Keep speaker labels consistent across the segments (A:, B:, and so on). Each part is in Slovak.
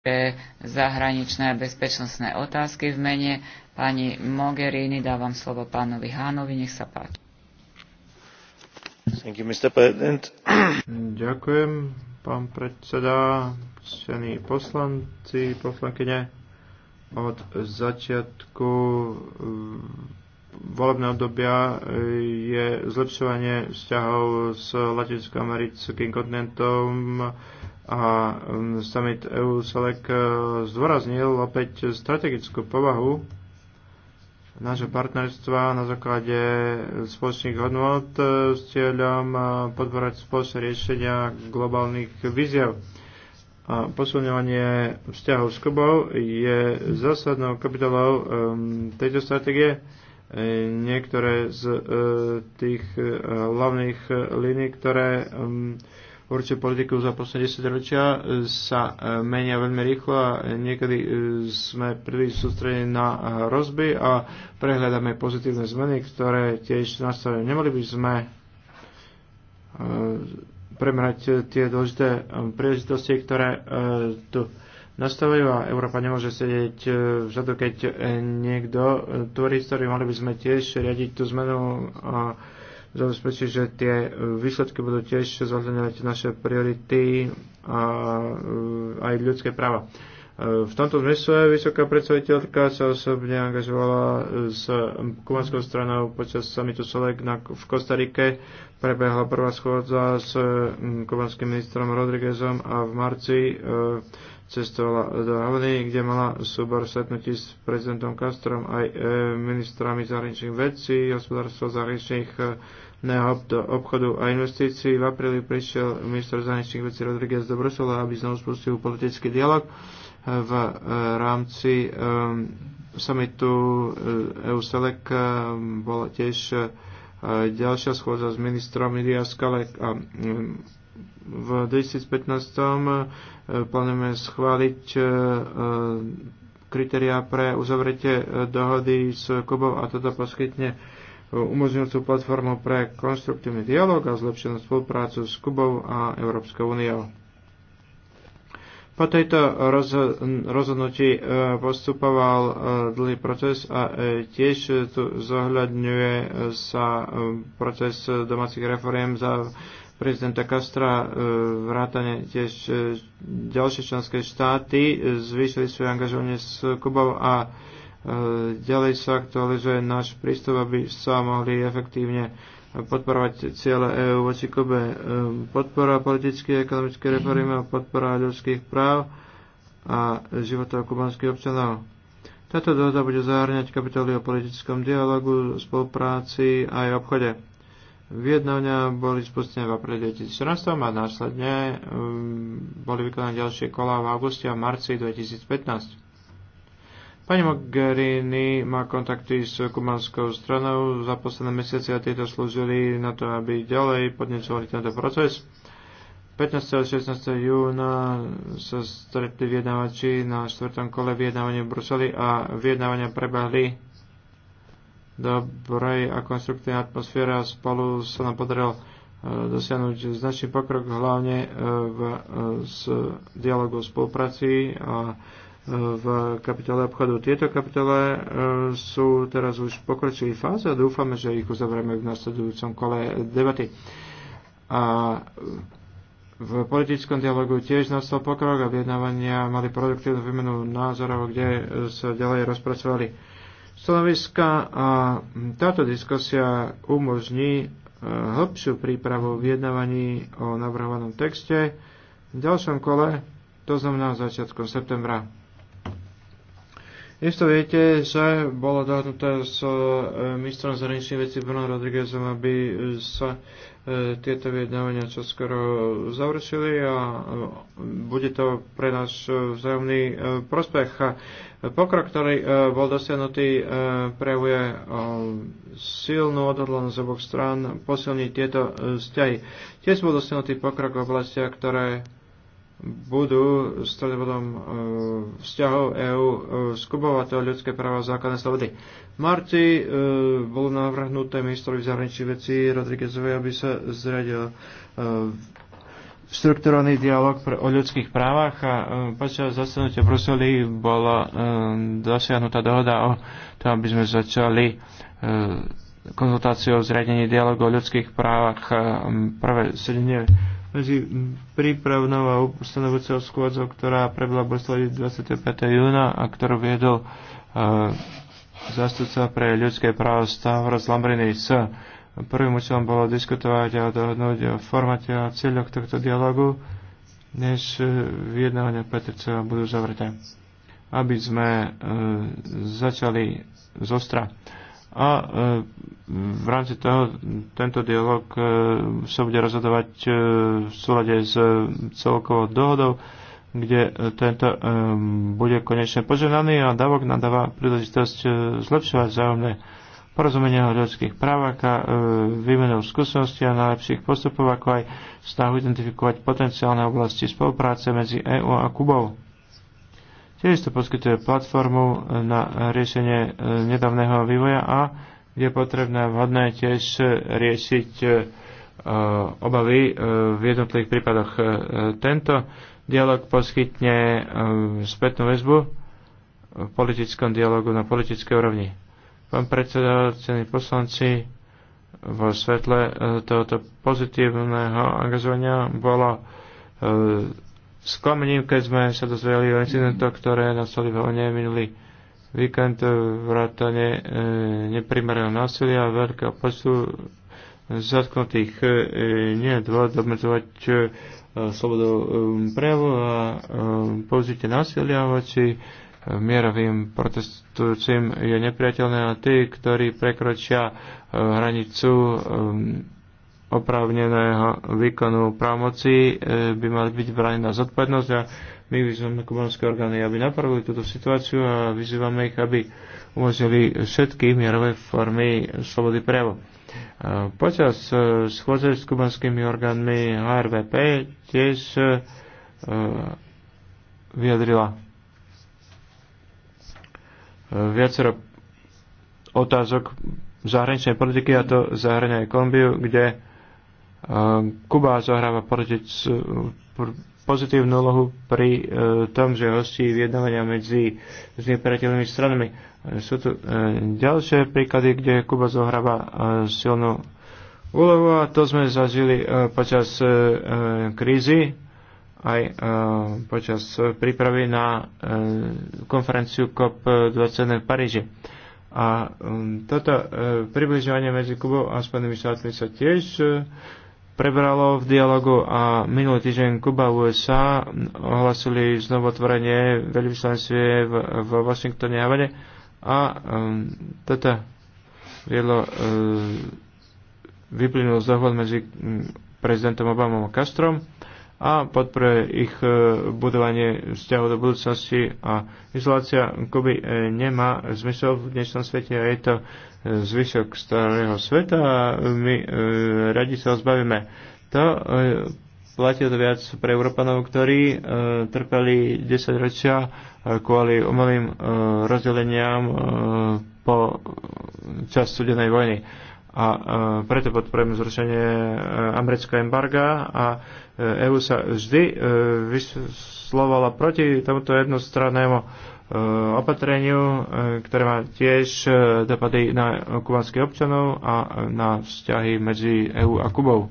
A: pre zahraničné a bezpečnostné otázky v mene pani Mogherini. Dávam slovo pánovi Hánovi, nech sa páči.
B: Thank you, Mr. President.
A: Ďakujem, pán
B: predseda, cení poslanci, poslankyne. Od začiatku mm, volebného obdobia je zlepšovanie vzťahov s Latinsko-americkým kontinentom a um, summit EU SELEC uh, zdôraznil opäť strategickú povahu nášho partnerstva na základe spoločných hodnot uh, s cieľom uh, podporať spoločné riešenia globálnych víziev. A posilňovanie vzťahov s Kubou je zásadnou kapitolou um, tejto stratégie. E, niektoré z e, tých e, hlavných línií, ktoré um, určite politiku za posledné 10 ročia e, sa e, menia veľmi rýchlo a niekedy e, sme príliš sústredení na rozby a prehľadáme pozitívne zmeny, ktoré tiež nastavili. Nemali by sme premerať tie dôležité príležitosti, ktoré tu nastavujú a Európa nemôže sedieť vzadu, keď niekto tvorí históriu. Mali by sme tiež riadiť tú zmenu a zabezpečiť, že tie e, výsledky budú tiež zohľadňovať naše priority a e, aj ľudské práva. E, v tomto zmysle vysoká predstaviteľka sa osobne angažovala s kubanskou stranou počas samitu SOLEK na, v Kostarike. Prebehla prvá schôdza s kubanským ministrom Rodriguezom a v marci e, cestovala do Havany, kde mala súbor stretnutí s prezidentom Castrom aj e, ministrami zahraničných vecí, hospodárstva zahraničných obchodu a investícií. V apríli prišiel minister zahraničných vecí Rodriguez do Brusela, aby znovu spustil politický dialog e, v e, rámci summitu eu e, bola tiež ďalšia schôdza s ministrom Iria Skalek a v 2015 eh, plánujeme schváliť eh, eh, kritéria pre uzavretie dohody s Kubou a toto poskytne umožňujúcu platformu pre konstruktívny dialog a zlepšenú spoluprácu s Kubou a Európskou úniou. Po tejto rozhodnutí postupoval dlhý proces a tiež tu zohľadňuje sa proces domácich reforiem za prezidenta Castra, e, vrátane tiež e, ďalšie členské štáty e, zvýšili svoje angažovanie s Kubou a ďalej sa aktualizuje náš prístup, aby sa mohli efektívne podporovať cieľe EÚ voči Kube. Podpora politické a ekonomické reformy a podpora ľudských práv a života kubanských občanov. Táto dohoda bude zahrňať kapitoly o politickom dialogu, spolupráci a aj obchode. Vyjednávania boli spustené v apríli 2014 a následne mm, boli vykonané ďalšie kola v auguste a marci 2015. Pani Mogherini má kontakty s kumanskou stranou za posledné mesiace a tieto slúžili na to, aby ďalej podnecovali tento proces. 15. a 16. júna sa stretli vyjednávači na štvrtom kole vyjednávania v Bruseli a vyjednávania prebehli dobrej a konstruktívnej atmosfére a spolu sa nám podarilo e, dosiahnuť značný pokrok hlavne e, v, e, s dialogu o spolupráci a v kapitole obchodu. Tieto kapitole sú teraz už v pokročilej fáze a dúfame, že ich uzavrieme v nasledujúcom kole debaty. A v politickom dialogu tiež nastal pokrok a vyjednávania mali produktívnu výmenu názorov, kde sa ďalej rozpracovali stanoviska a táto diskusia umožní e, hĺbšiu prípravu vyjednávaní o navrhovanom texte v ďalšom kole, to znamená začiatkom septembra. Isto viete, že bolo dohodnuté s e, ministrom zahraničných vecí Bruno Rodriguezom, aby sa e, tieto vyjednávania čo skoro završili a e, bude to pre náš vzájomný prospech. Pokrok, ktorý bol dosiahnutý, prejavuje silnú odhodlanosť oboch strán posilniť tieto vzťahy. Tiež bol dosiahnutý pokrok v oblastiach, ktoré budú stredobodom e, vzťahov EÚ e, skupovať ľudské práva a základné slobody. Marti e, bolo navrhnuté ministrovi zahraničných vecí Rodriguezovi, aby sa zriadil e, štruktúrovaný dialog pre, o ľudských právach a e, počas zasadnutia Bruseli bola e, dosiahnutá dohoda o tom, aby sme začali e, konzultáciu o zriadení dialogu o ľudských právach. E, prvé sedenie medzi prípravnou a ustanovujúcou schôdzou, ktorá prebila v 25. júna a ktorú viedol uh, eh, zastupca pre ľudské práva Stavros Lambrinis. Prvým účelom bolo diskutovať a dohodnúť o formáte a cieľoch tohto dialogu, než eh, dňa petrce budú zavreté. Aby sme uh, začali zostra a e, v rámci toho tento dialog e, sa bude rozhodovať e, v súlade s celkovou dohodou, kde tento bude konečne poženaný a davok nadáva príležitosť zlepšovať vzájomné porozumenia o ľudských právach a výmenou skúseností a najlepších postupov, ako aj snahu identifikovať potenciálne oblasti spolupráce medzi EÚ a Kubou. Tiež to poskytuje platformu e, na riešenie e, nedávneho vývoja a je potrebné vhodné tiež riešiť e, obavy v jednotlivých prípadoch. Tento dialog poskytne spätnú väzbu v politickom dialogu na politickej úrovni. Pán predseda, cení poslanci, vo svetle tohoto pozitívneho angažovania bola sklamením, keď sme sa dozvedeli o incidentoch, ktoré nastali v One minulý víkend vrátane e, neprimeraného násilia a veľkého počtu zatknutých e, e, nie je dôvod obmedzovať e, slobodu e, prejavu a e, použitie násilia voči e, mierovým protestujúcim je nepriateľné a tí, ktorí prekročia e, hranicu e, oprávneného výkonu právomocí e, by mali byť braní na zodpovednosť a my vyzývame kubanské orgány, aby napravili túto situáciu a vyzývame ich, aby umožnili všetky mierové formy slobody prejavu. E, počas e, schôdze s kubanskými orgánmi HRVP tiež vyjadrila viacero otázok zahraničnej politiky a to zahrania aj Kolumbiu, kde Kuba zohráva pozitívnu úlohu pri e, tom, že hostí vyjednávania medzi s nepriateľnými stranami. Sú tu e, ďalšie príklady, kde Kuba zohráva e, silnú úlohu a to sme zažili počas krízy aj počas prípravy na konferenciu cop 20. v Paríži. A um, toto približovanie medzi Kubou a Spojenými štátmi sa tiež prebralo v dialogu a minulý týždeň Kuba a USA ohlasili znovu otvorenie v, v Washingtone a Havane a um, toto viedlo, uh, vyplynulo z dohod medzi um, prezidentom Obamom a Castrom a podporuje ich e, budovanie vzťahu do budúcnosti a izolácia Kuby e, nemá zmysel v dnešnom svete a je to e, zvyšok starého sveta a my radi sa ho zbavíme. To platí to viac pre Európanov, ktorí e, trpeli 10 ročia kvôli umelým e, rozdeleniam e, po čas studenej vojny. A e, preto podporujem zrušenie e, amerického embarga a EU e sa vždy e, vyslovala proti tomuto jednostrannému e, opatreniu, ktoré má tiež dopady na kubanských občanov a na vzťahy medzi EU a Kubou.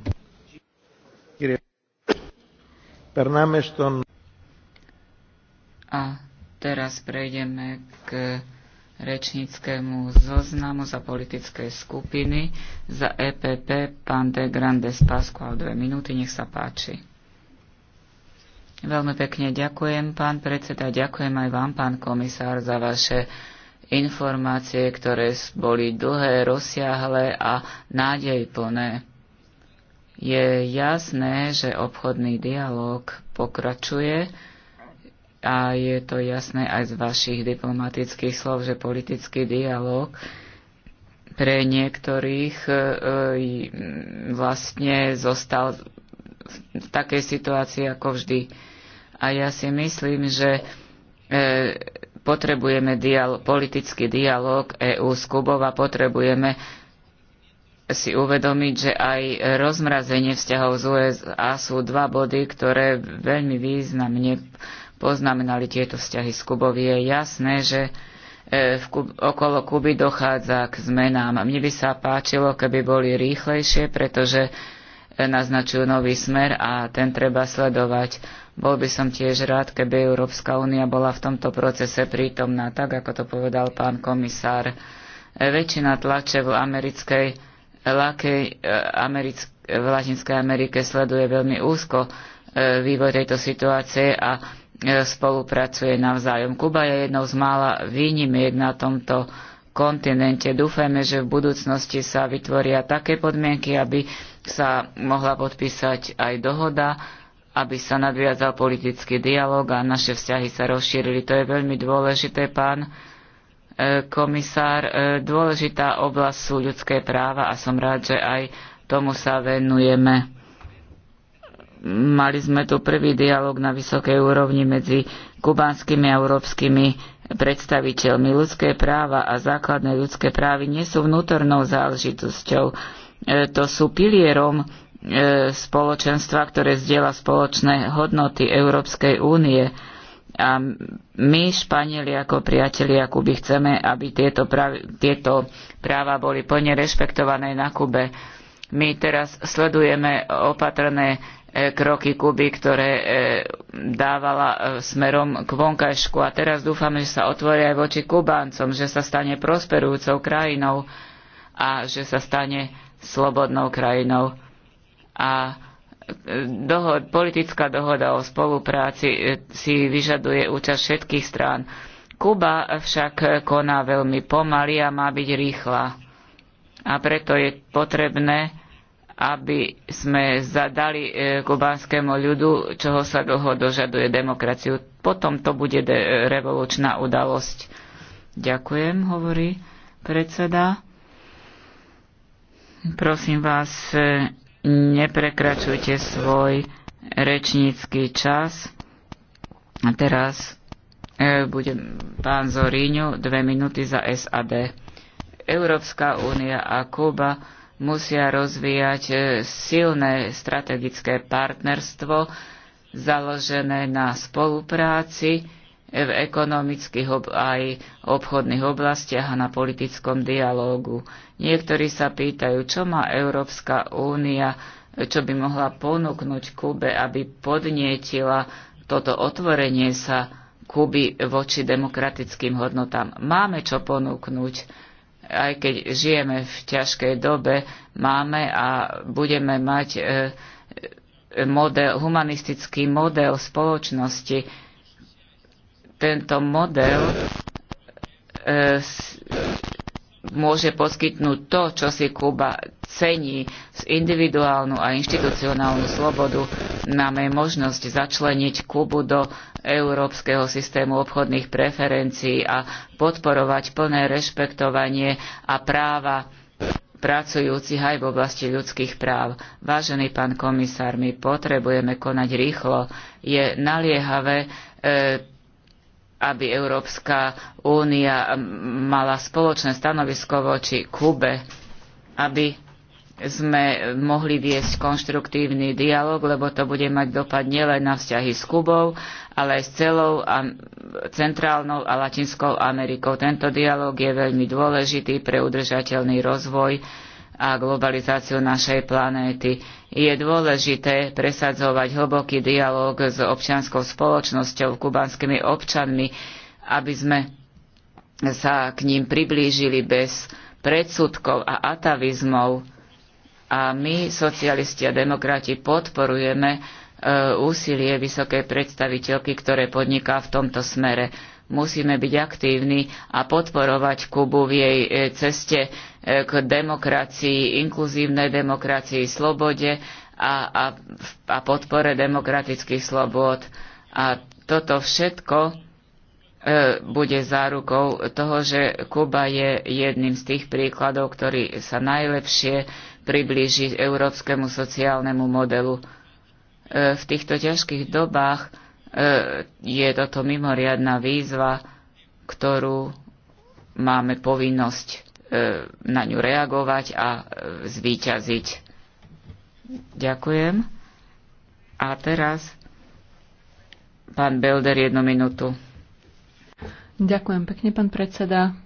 C: A
A: teraz prejdeme k rečníckému zoznamu za politické skupiny. Za EPP pán de Grandes a dve minúty, nech sa páči. Veľmi pekne ďakujem, pán predseda, ďakujem aj vám, pán komisár, za vaše informácie, ktoré boli dlhé, rozsiahle a nádej plné. Je jasné, že obchodný dialog pokračuje, a je to jasné aj z vašich diplomatických slov, že politický dialog pre niektorých e, e, vlastne zostal v takej situácii ako vždy. A ja si myslím, že e, potrebujeme dial- politický dialog EU s Kubou a potrebujeme si uvedomiť, že aj rozmrazenie vzťahov z USA sú dva body, ktoré veľmi významne poznamenali tieto vzťahy s Kubou. Je jasné, že e, v Kub, okolo Kuby dochádza k zmenám. Mne by sa páčilo, keby boli rýchlejšie, pretože e, naznačujú nový smer a ten treba sledovať. Bol by som tiež rád, keby Európska únia bola v tomto procese prítomná, tak ako to povedal pán komisár. E, väčšina tlače v americkej, lakej, americk, v Latinskej Amerike sleduje veľmi úzko vývoj tejto situácie a E, spolupracuje navzájom. Kuba je jednou z mála výnimiek na tomto kontinente. Dúfajme, že v budúcnosti sa vytvoria také podmienky, aby sa mohla podpísať aj dohoda, aby sa nadviazal politický dialog a naše vzťahy sa rozšírili. To je veľmi dôležité, pán e, komisár. E, dôležitá oblasť sú ľudské práva a som rád, že aj tomu sa venujeme. Mali sme tu prvý dialog na vysokej úrovni medzi kubánskymi a európskymi predstaviteľmi. Ľudské práva a základné ľudské právy nie sú vnútornou záležitosťou. E, to sú pilierom e, spoločenstva, ktoré zdieľa spoločné hodnoty Európskej únie. A my, Španieli, ako priatelia Kuby, chceme, aby tieto, pravi, tieto práva boli plne rešpektované na Kube. My teraz sledujeme opatrné E, kroky Kuby, ktoré e, dávala e, smerom k vonkajšku. A teraz dúfame, že sa otvorí aj voči Kubáncom, že sa stane prosperujúcou krajinou a že sa stane slobodnou krajinou. A dohod, politická dohoda o spolupráci si vyžaduje účasť všetkých strán. Kuba však koná veľmi pomaly a má byť rýchla. A preto je potrebné aby sme zadali e, kubánskému ľudu, čoho sa dlho dožaduje demokraciu. Potom to bude e, revolučná udalosť. Ďakujem, hovorí predseda. Prosím vás, e, neprekračujte svoj rečnícky čas. A teraz bude pán Zoríňu dve minúty za SAD. Európska únia a Kuba musia rozvíjať e, silné strategické partnerstvo založené na spolupráci v ekonomických aj obchodných oblastiach a na politickom dialógu. Niektorí sa pýtajú, čo má Európska únia, čo by mohla ponúknuť Kube, aby podnietila toto otvorenie sa Kuby voči demokratickým hodnotám. Máme čo ponúknuť aj keď žijeme v ťažkej dobe, máme a budeme mať e, e, model, humanistický model spoločnosti. Tento model e, môže poskytnúť to, čo si Kuba cení z individuálnu a inštitucionálnu slobodu, nám je možnosť začleniť Kubu do európskeho systému obchodných preferencií a podporovať plné rešpektovanie a práva pracujúcich aj v oblasti ľudských práv. Vážený pán komisár, my potrebujeme konať rýchlo. Je naliehavé e, aby Európska únia mala spoločné stanovisko voči Kube, aby sme mohli viesť konštruktívny dialog, lebo to bude mať dopad nielen na vzťahy s Kubou, ale aj s celou Centrálnou a Latinskou Amerikou. Tento dialog je veľmi dôležitý pre udržateľný rozvoj a globalizáciu našej planéty. Je dôležité presadzovať hlboký dialog s občianskou spoločnosťou, kubanskými občanmi, aby sme sa k ním priblížili bez predsudkov a atavizmov. A my, socialisti a demokrati, podporujeme e, úsilie vysokej predstaviteľky, ktoré podniká v tomto smere Musíme byť aktívni a podporovať Kubu v jej e, ceste e, k demokracii, inkluzívnej demokracii, slobode a, a, a podpore demokratických slobôd. A toto všetko e, bude zárukou toho, že Kuba je jedným z tých príkladov, ktorý sa najlepšie priblíži európskemu sociálnemu modelu. E, v týchto ťažkých dobách E, je toto mimoriadná výzva, ktorú máme povinnosť e, na ňu reagovať a e, zvíťaziť. Ďakujem. A teraz pán Belder jednu minútu.
C: Ďakujem pekne, pán predseda.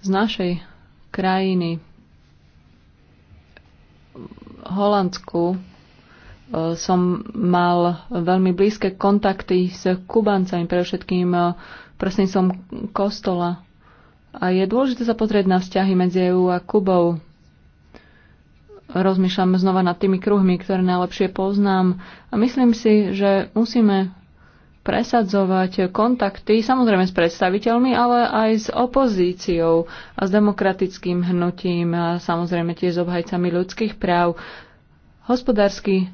C: Z našej krajiny Holandsku som mal veľmi blízke kontakty s Kubancami, predovšetkým eh, som kostola. A je dôležité sa pozrieť na vzťahy medzi EU a Kubou. Rozmýšľam znova nad tými kruhmi, ktoré najlepšie poznám. A myslím si, že musíme presadzovať kontakty samozrejme s predstaviteľmi, ale aj s opozíciou a s demokratickým hnutím a samozrejme tiež s obhajcami ľudských práv. Hospodársky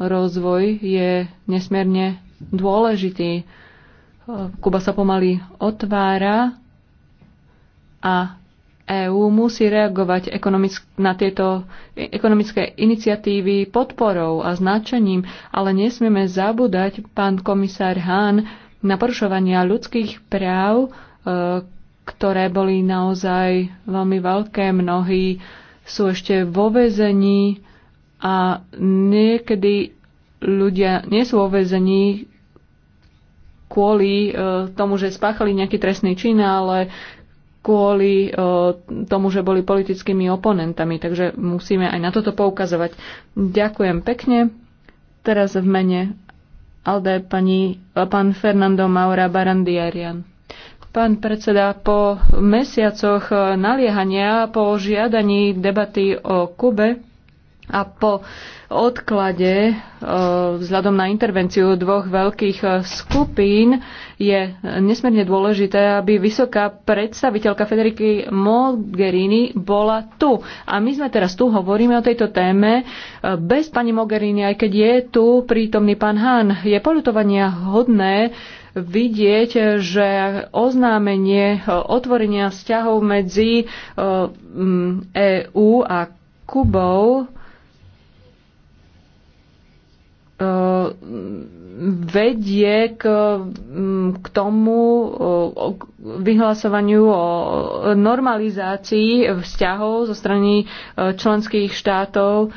C: rozvoj je nesmierne dôležitý. E, Kuba sa pomaly otvára a EÚ musí reagovať na tieto e, ekonomické iniciatívy podporou a značením, ale nesmieme zabúdať, pán komisár Hahn, na porušovania ľudských práv, e, ktoré boli naozaj veľmi veľké. Mnohí sú ešte vo vezení, a niekedy ľudia nie sú vo vezení kvôli e, tomu, že spáchali nejaký trestný čin, ale kvôli e, tomu, že boli politickými oponentami. Takže musíme aj na toto poukazovať. Ďakujem pekne. Teraz v mene Alde pani, e, pán Fernando Maura Barandiarian. Pán predseda, po mesiacoch naliehania, po žiadaní debaty o Kube, a po odklade e, vzhľadom na intervenciu dvoch veľkých e, skupín je nesmierne dôležité, aby vysoká predstaviteľka Federiky Mogherini bola tu. A my sme teraz tu, hovoríme o tejto téme e, bez pani Mogherini, aj keď je tu prítomný pán Hahn. Je polutovania hodné, vidieť, že oznámenie otvorenia vzťahov medzi EÚ a Kubou E, vedie k, k tomu k vyhlasovaniu o normalizácii vzťahov zo strany e, členských štátov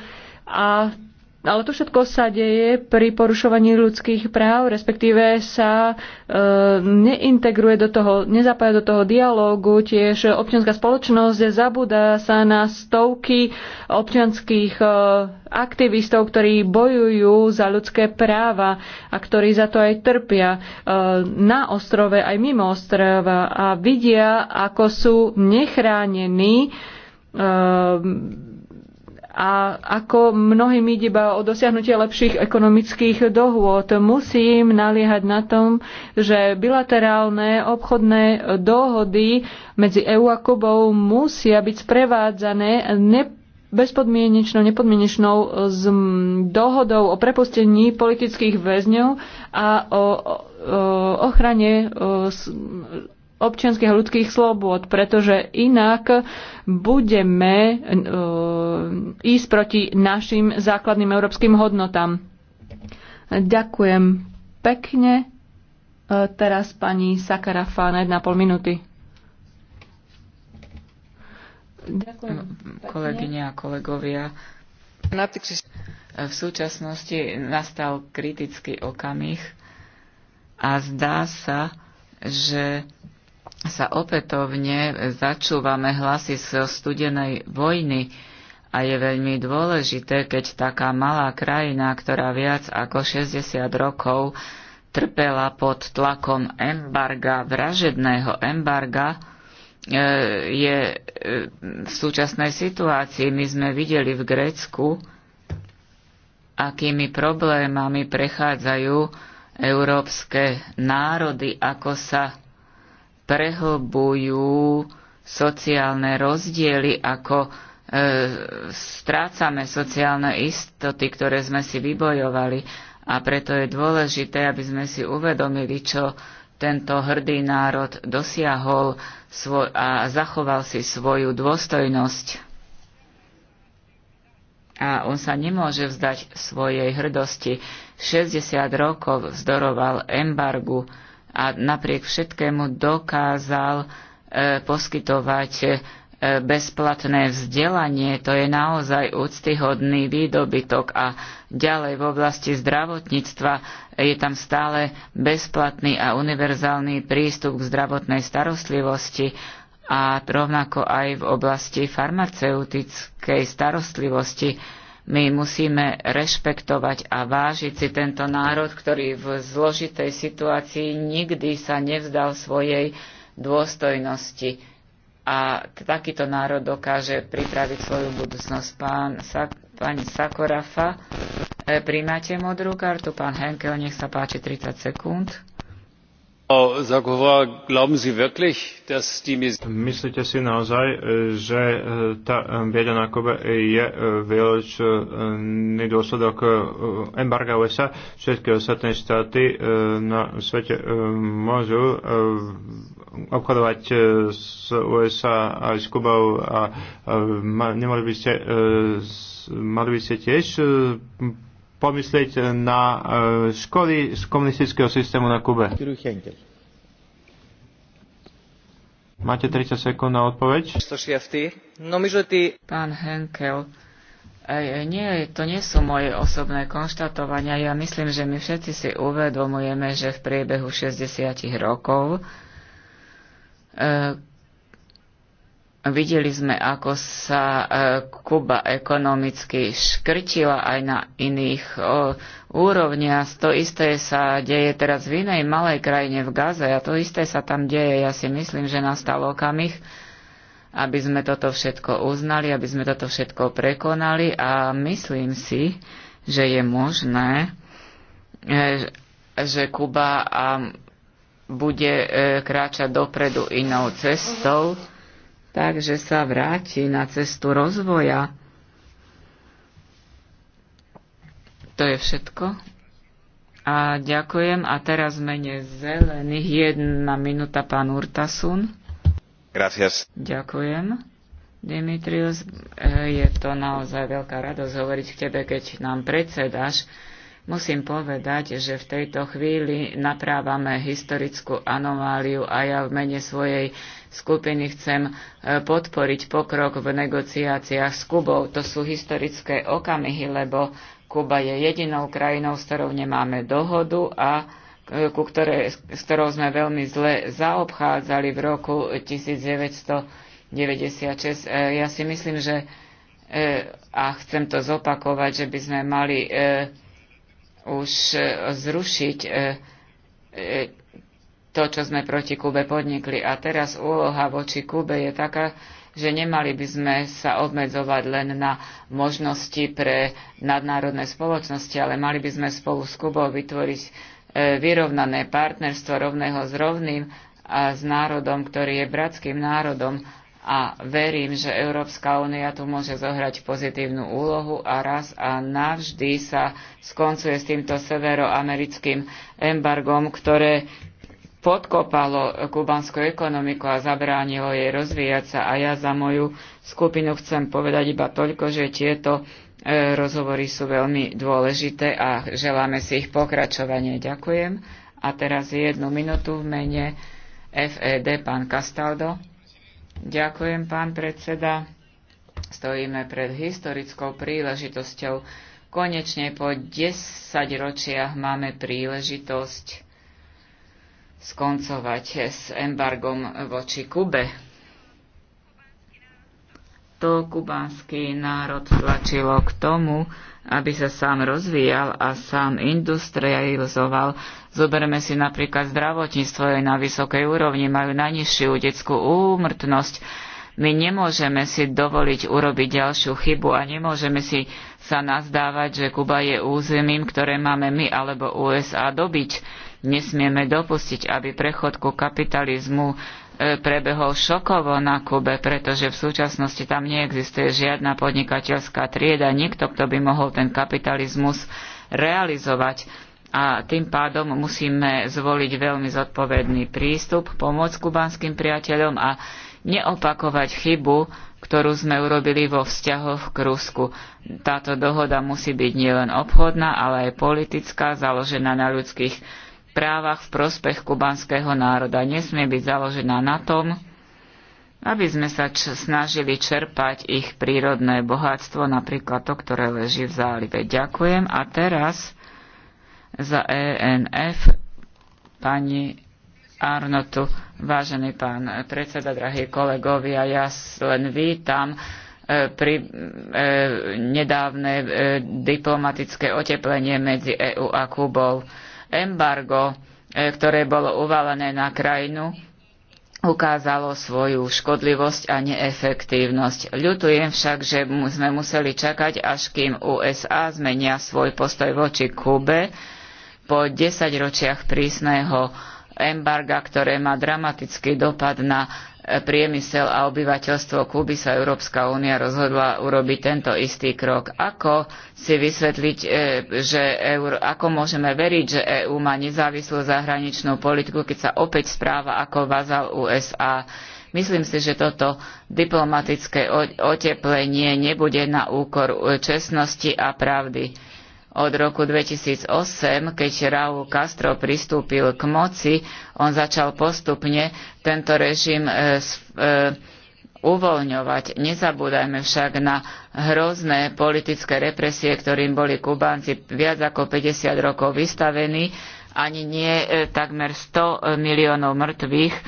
C: a ale to všetko sa deje pri porušovaní ľudských práv, respektíve sa e, neintegruje do toho, nezapája do toho dialógu, tiež občianská spoločnosť zabúda sa na stovky občianských e, aktivistov, ktorí bojujú za ľudské práva a ktorí za to aj trpia e, na ostrove aj mimo ostrova a vidia, ako sú nechránení e, a ako mnohým ide iba o dosiahnutie lepších ekonomických dohôd. Musím naliehať na tom, že bilaterálne obchodné dohody medzi EU a Kubou musia byť sprevádzané ne bezpodmienečnou, nepodmienečnou s dohodou o prepustení politických väzňov a o, o, o ochrane o, občianských a ľudských slobôd, pretože inak budeme e, ísť proti našim základným európskym hodnotám. Ďakujem pekne. E, teraz pani Sakarafa na 1,5 minúty.
A: Ďakujem. Pekne. Kolegyne a kolegovia. V súčasnosti nastal kritický okamih a zdá sa, že sa opätovne začúvame hlasy z studenej vojny a je veľmi dôležité, keď taká malá krajina, ktorá viac ako 60 rokov trpela pod tlakom embarga, vražedného embarga, e, je e, v súčasnej situácii. My sme videli v Grécku, akými problémami prechádzajú európske národy, ako sa prehlbujú sociálne rozdiely, ako e, strácame sociálne istoty, ktoré sme si vybojovali. A preto je dôležité, aby sme si uvedomili, čo tento hrdý národ dosiahol svoj, a zachoval si svoju dôstojnosť. A on sa nemôže vzdať svojej hrdosti. 60 rokov vzdoroval embargu, a napriek všetkému dokázal e, poskytovať e, bezplatné vzdelanie, to je naozaj úctyhodný výdobytok a ďalej v oblasti zdravotníctva je tam stále bezplatný a univerzálny prístup k zdravotnej starostlivosti a rovnako aj v oblasti farmaceutickej starostlivosti my musíme rešpektovať a vážiť si tento národ, ktorý v zložitej situácii nikdy sa nevzdal svojej dôstojnosti. A takýto národ dokáže pripraviť svoju budúcnosť. Pán, sa, pani Sakorafa, e, príjmate modrú kartu. Pán Henkel, nech sa páči 30 sekúnd.
B: Myslíte si naozaj, e, že e, tá bieda e, na Kobe je výločný dôsledok embarga USA? Všetky ostatné štáty na svete môžu obchodovať s USA aj s Kubou a nemali by ste, mali by ste tiež pomyslieť na e, školy z komunistického systému na Kube. Máte 30 sekúnd na odpoveď.
A: No, Pán Henkel, nie, to nie sú moje osobné konštatovania. Ja myslím, že my všetci si uvedomujeme, že v priebehu 60 rokov e, Videli sme, ako sa e, Kuba ekonomicky škrtila aj na iných e, úrovniach. To isté sa deje teraz v inej malej krajine v Gaze a to isté sa tam deje. Ja si myslím, že nastal okamih, aby sme toto všetko uznali, aby sme toto všetko prekonali a myslím si, že je možné, e, že Kuba bude kráčať dopredu inou cestou takže sa vráti na cestu rozvoja. To je všetko. A ďakujem. A teraz mene zelených jedna minúta pán Urtasun. Gracias. Ďakujem. Dimitrius, eh, je to naozaj veľká radosť hovoriť k tebe, keď nám predsedáš. Musím povedať, že v tejto chvíli naprávame historickú anomáliu a ja v mene svojej skupiny chcem e, podporiť pokrok v negociáciách s Kubou. To sú historické okamihy, lebo Kuba je jedinou krajinou, s ktorou nemáme dohodu a e, ku ktoré, s ktorou sme veľmi zle zaobchádzali v roku 1996. E, ja si myslím, že a chcem to zopakovať, že by sme mali už zrušiť to, čo sme proti Kube podnikli. A teraz úloha voči Kube je taká, že nemali by sme sa obmedzovať len na možnosti pre nadnárodné spoločnosti, ale mali by sme spolu s Kubou vytvoriť e, vyrovnané partnerstvo rovného s rovným a s národom, ktorý je bratským národom. A verím, že Európska únia tu môže zohrať pozitívnu úlohu a raz a navždy sa skoncuje s týmto severoamerickým embargom, ktoré podkopalo kubánsku ekonomiku a zabránilo jej rozvíjať sa. A ja za moju skupinu chcem povedať iba toľko, že tieto e, rozhovory sú veľmi dôležité a želáme si ich pokračovanie. Ďakujem. A teraz jednu minútu v mene FED, pán Castaldo. Ďakujem, pán predseda. Stojíme pred historickou príležitosťou. Konečne po 10 ročiach máme príležitosť skoncovať s embargom voči Kube. To kubánsky národ tlačilo k tomu, aby sa sám rozvíjal a sám industrializoval. Zoberme si napríklad zdravotníctvo, je na vysokej úrovni, majú najnižšiu detskú úmrtnosť. My nemôžeme si dovoliť urobiť ďalšiu chybu a nemôžeme si sa nazdávať, že Kuba je územím, ktoré máme my alebo USA dobiť Nesmieme dopustiť, aby prechod ku kapitalizmu e, prebehol šokovo na Kube, pretože v súčasnosti tam neexistuje žiadna podnikateľská trieda, nikto, kto by mohol ten kapitalizmus realizovať. A tým pádom musíme zvoliť veľmi zodpovedný prístup, pomôcť kubanským priateľom a neopakovať chybu, ktorú sme urobili vo vzťahoch k Rusku. Táto dohoda musí byť nielen obchodná, ale aj politická, založená na ľudských právach v prospech kubanského národa. Nesmie byť založená na tom, aby sme sa snažili čerpať ich prírodné bohatstvo, napríklad to, ktoré leží v zálive. Ďakujem. A teraz za ENF pani Arnotu, vážený pán predseda, drahí kolegovia, ja len vítam e, pri e, nedávne e, diplomatické oteplenie medzi EÚ a Kubou embargo, e, ktoré bolo uvalené na krajinu, ukázalo svoju škodlivosť a neefektívnosť. Ľutujem však, že sme museli čakať, až kým USA zmenia svoj postoj voči Kube po desaťročiach prísneho embarga, ktoré má dramatický dopad na priemysel a obyvateľstvo Kuby sa Európska únia rozhodla urobiť tento istý krok. Ako si vysvetliť, e, že Eur, ako môžeme veriť, že EÚ má nezávislú zahraničnú politiku, keď sa opäť správa ako vazal USA? Myslím si, že toto diplomatické oteplenie nebude na úkor e, čestnosti a pravdy od roku 2008, keď Raúl Castro pristúpil k moci, on začal postupne tento režim e, e, uvoľňovať. Nezabúdajme však na hrozné politické represie, ktorým boli Kubánci viac ako 50 rokov vystavení, ani nie e, takmer 100 miliónov mŕtvych e,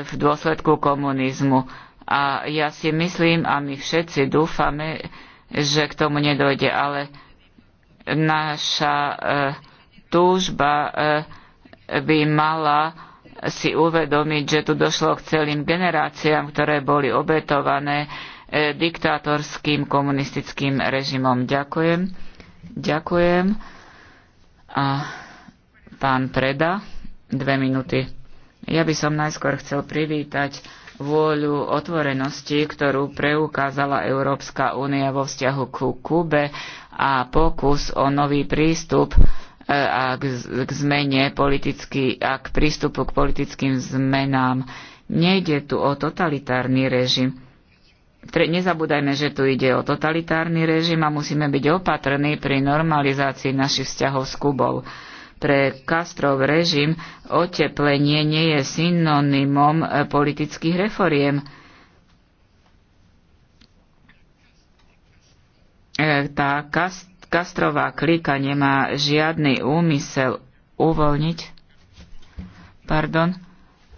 A: v dôsledku komunizmu. A ja si myslím, a my všetci dúfame, že k tomu nedojde, ale Naša e, túžba e, by mala si uvedomiť, že tu došlo k celým generáciám, ktoré boli obetované e, diktátorským komunistickým režimom. Ďakujem. Ďakujem. A pán Preda, dve minúty. Ja by som najskôr chcel privítať vôľu otvorenosti, ktorú preukázala Európska únia vo vzťahu ku Kube a pokus o nový prístup e, a k, zmene politicky, a k prístupu k politickým zmenám. Nejde tu o totalitárny režim. nezabúdajme, že tu ide o totalitárny režim a musíme byť opatrní pri normalizácii našich vzťahov s Kubou. Pre Castrov režim oteplenie nie je synonymom e, politických reforiem. E, tá Castrová klika nemá žiadny úmysel uvoľniť. Pardon,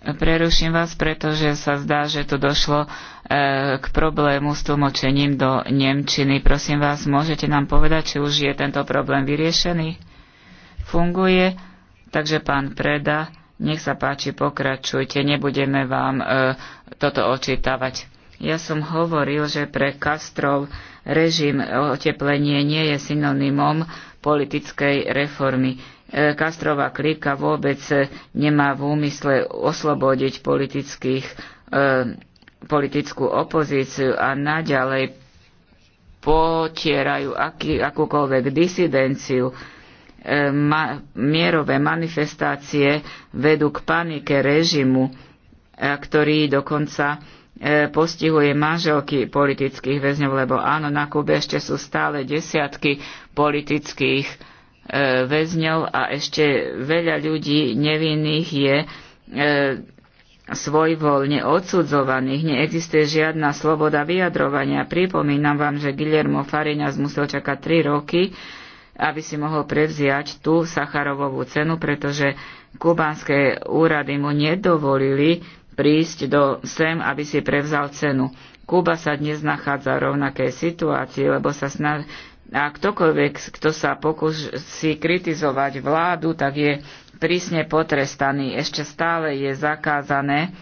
A: preruším vás, pretože sa zdá, že tu došlo e, k problému s tlmočením do Nemčiny. Prosím vás, môžete nám povedať, či už je tento problém vyriešený? funguje. Takže pán Preda, nech sa páči, pokračujte, nebudeme vám e, toto očítavať. Ja som hovoril, že pre Kastrov režim oteplenie nie je synonymom politickej reformy. E, Kastrová klika vôbec nemá v úmysle oslobodiť politických, e, politickú opozíciu a naďalej potierajú aký, akúkoľvek disidenciu ma, mierové manifestácie vedú k panike režimu, e, ktorý dokonca e, postihuje manželky politických väzňov, lebo áno, na Kube ešte sú stále desiatky politických e, väzňov a ešte veľa ľudí nevinných je svojvoľne odsudzovaných. Neexistuje žiadna sloboda vyjadrovania. Pripomínam vám, že Guillermo Farinas musel čakať 3 roky, aby si mohol prevziať tú Sacharovovú cenu, pretože kubánske úrady mu nedovolili prísť do sem, aby si prevzal cenu. Kuba sa dnes nachádza v rovnakej situácii, lebo sa snaží a ktokoľvek, kto sa pokusí kritizovať vládu, tak je prísne potrestaný. Ešte stále je zakázané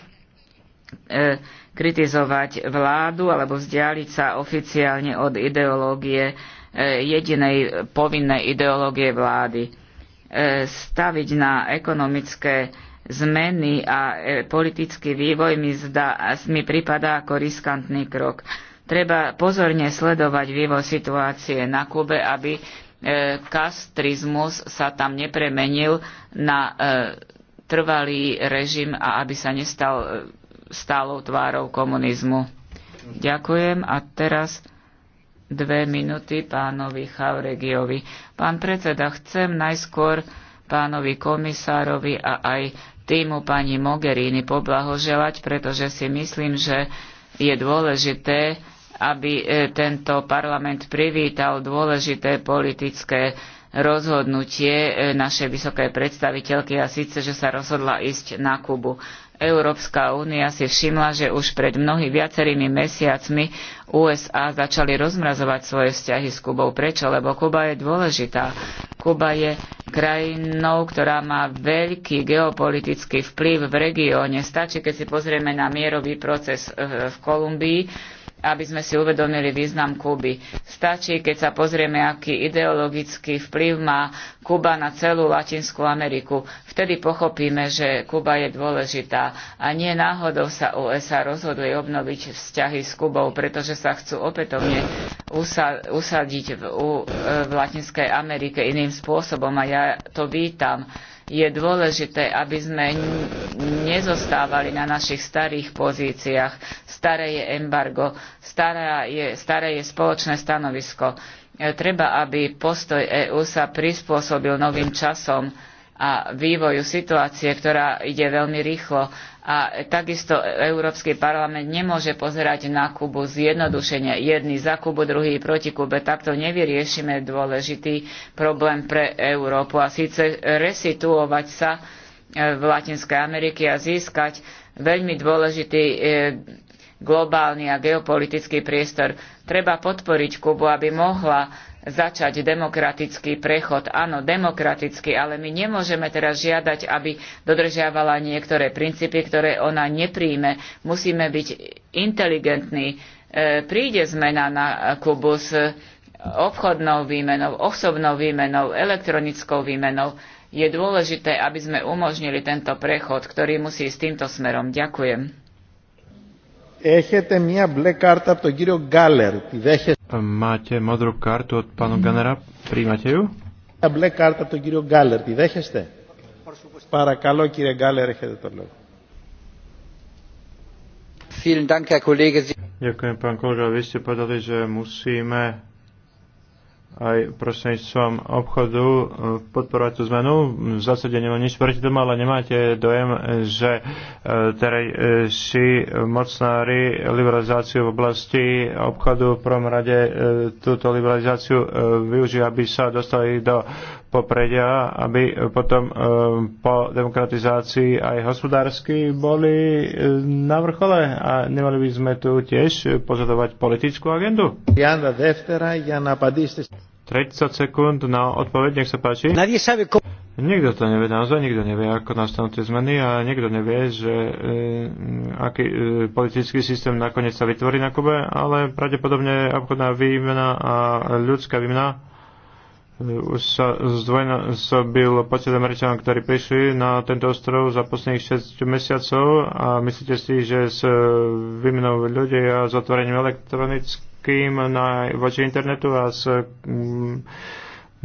A: e, kritizovať vládu alebo vzdialiť sa oficiálne od ideológie jedinej povinnej ideológie vlády. E, staviť na ekonomické zmeny a e, politický vývoj mi, zda, mi pripadá ako riskantný krok. Treba pozorne sledovať vývoj situácie na Kube, aby e, kastrizmus sa tam nepremenil na trvalý režim a aby sa nestal stálou tvárou komunizmu. Ďakujem a teraz dve minúty pánovi Chauregiovi. Pán predseda, chcem najskôr pánovi komisárovi a aj týmu pani Mogherini poblahoželať, pretože si myslím, že je dôležité, aby e, tento parlament privítal dôležité politické rozhodnutie e, našej vysokej predstaviteľky a síce, že sa rozhodla ísť na Kubu. Európska únia si všimla, že už pred mnohými viacerými mesiacmi USA začali rozmrazovať svoje vzťahy s Kubou. Prečo? Lebo Kuba je dôležitá. Kuba je krajinou, ktorá má veľký geopolitický vplyv v regióne. Stačí, keď si pozrieme na mierový proces eh, v Kolumbii, aby sme si uvedomili význam Kuby. Stačí, keď sa pozrieme, aký ideologický vplyv má Kuba na celú Latinskú Ameriku. Vtedy pochopíme, že Kuba je dôležitá a nie náhodou sa USA rozhodli obnoviť vzťahy s Kubou, pretože sa chcú opätovne usadiť v, v Latinskej Amerike iným spôsobom a ja to vítam je dôležité, aby sme nezostávali na našich starých pozíciách. Staré je embargo, staré je, staré je spoločné stanovisko. E, treba, aby postoj EÚ sa prispôsobil novým časom a vývoju situácie, ktorá ide veľmi rýchlo a takisto Európsky parlament nemôže pozerať na Kubu zjednodušene. Jedni za Kubu, druhý proti Kube. Takto nevyriešime dôležitý problém pre Európu. A síce resituovať sa e, v Latinskej Amerike a získať veľmi dôležitý e, globálny a geopolitický priestor. Treba podporiť Kubu, aby mohla začať demokratický prechod. Áno, demokratický, ale my nemôžeme teraz žiadať, aby dodržiavala niektoré princípy, ktoré ona nepríjme. Musíme byť inteligentní. E, príde zmena na Kubu s e, obchodnou výmenou, osobnou výmenou, elektronickou výmenou. Je dôležité, aby sme umožnili tento prechod, ktorý musí ísť týmto smerom. Ďakujem.
B: Έχετε μία μπλε κάρτα από τον κύριο Γκάλερ. Τη δέχεστε. Máte modrú kartu od pánu Gunnera. Príjmate ju? Μία μπλε κάρτα από τον κύριο Γκάλερ. Τη δέχεστε. Παρακαλώ κύριε Γκάλερ, έχετε το λόγο. Ďakujem, pán kolega. Vy ste povedali, že musíme aj prostredníctvom obchodu e, podporovať tú zmenu. V zásade nemám nič proti tomu, ale nemáte dojem, že si e, mocnári liberalizáciu v oblasti obchodu v prvom rade e, túto liberalizáciu využijú, aby sa dostali do popredia, aby potom e, po demokratizácii aj hospodársky boli e, na vrchole a nemali by sme tu tiež pozadovať politickú agendu. 30 sekúnd na odpoveď, nech sa páči. Nikto to nevie, naozaj nikto nevie, ako nastanú tie zmeny a nikto nevie, že e, aký e, politický systém nakoniec sa vytvorí na Kube, ale pravdepodobne obchodná výmena a ľudská výmena už sa byl počet Američanov, ktorí prišli na tento ostrov za posledných 6 mesiacov a myslíte si, že s výmenou ľudí a s otvorením elektronickým na, voči internetu a s mm,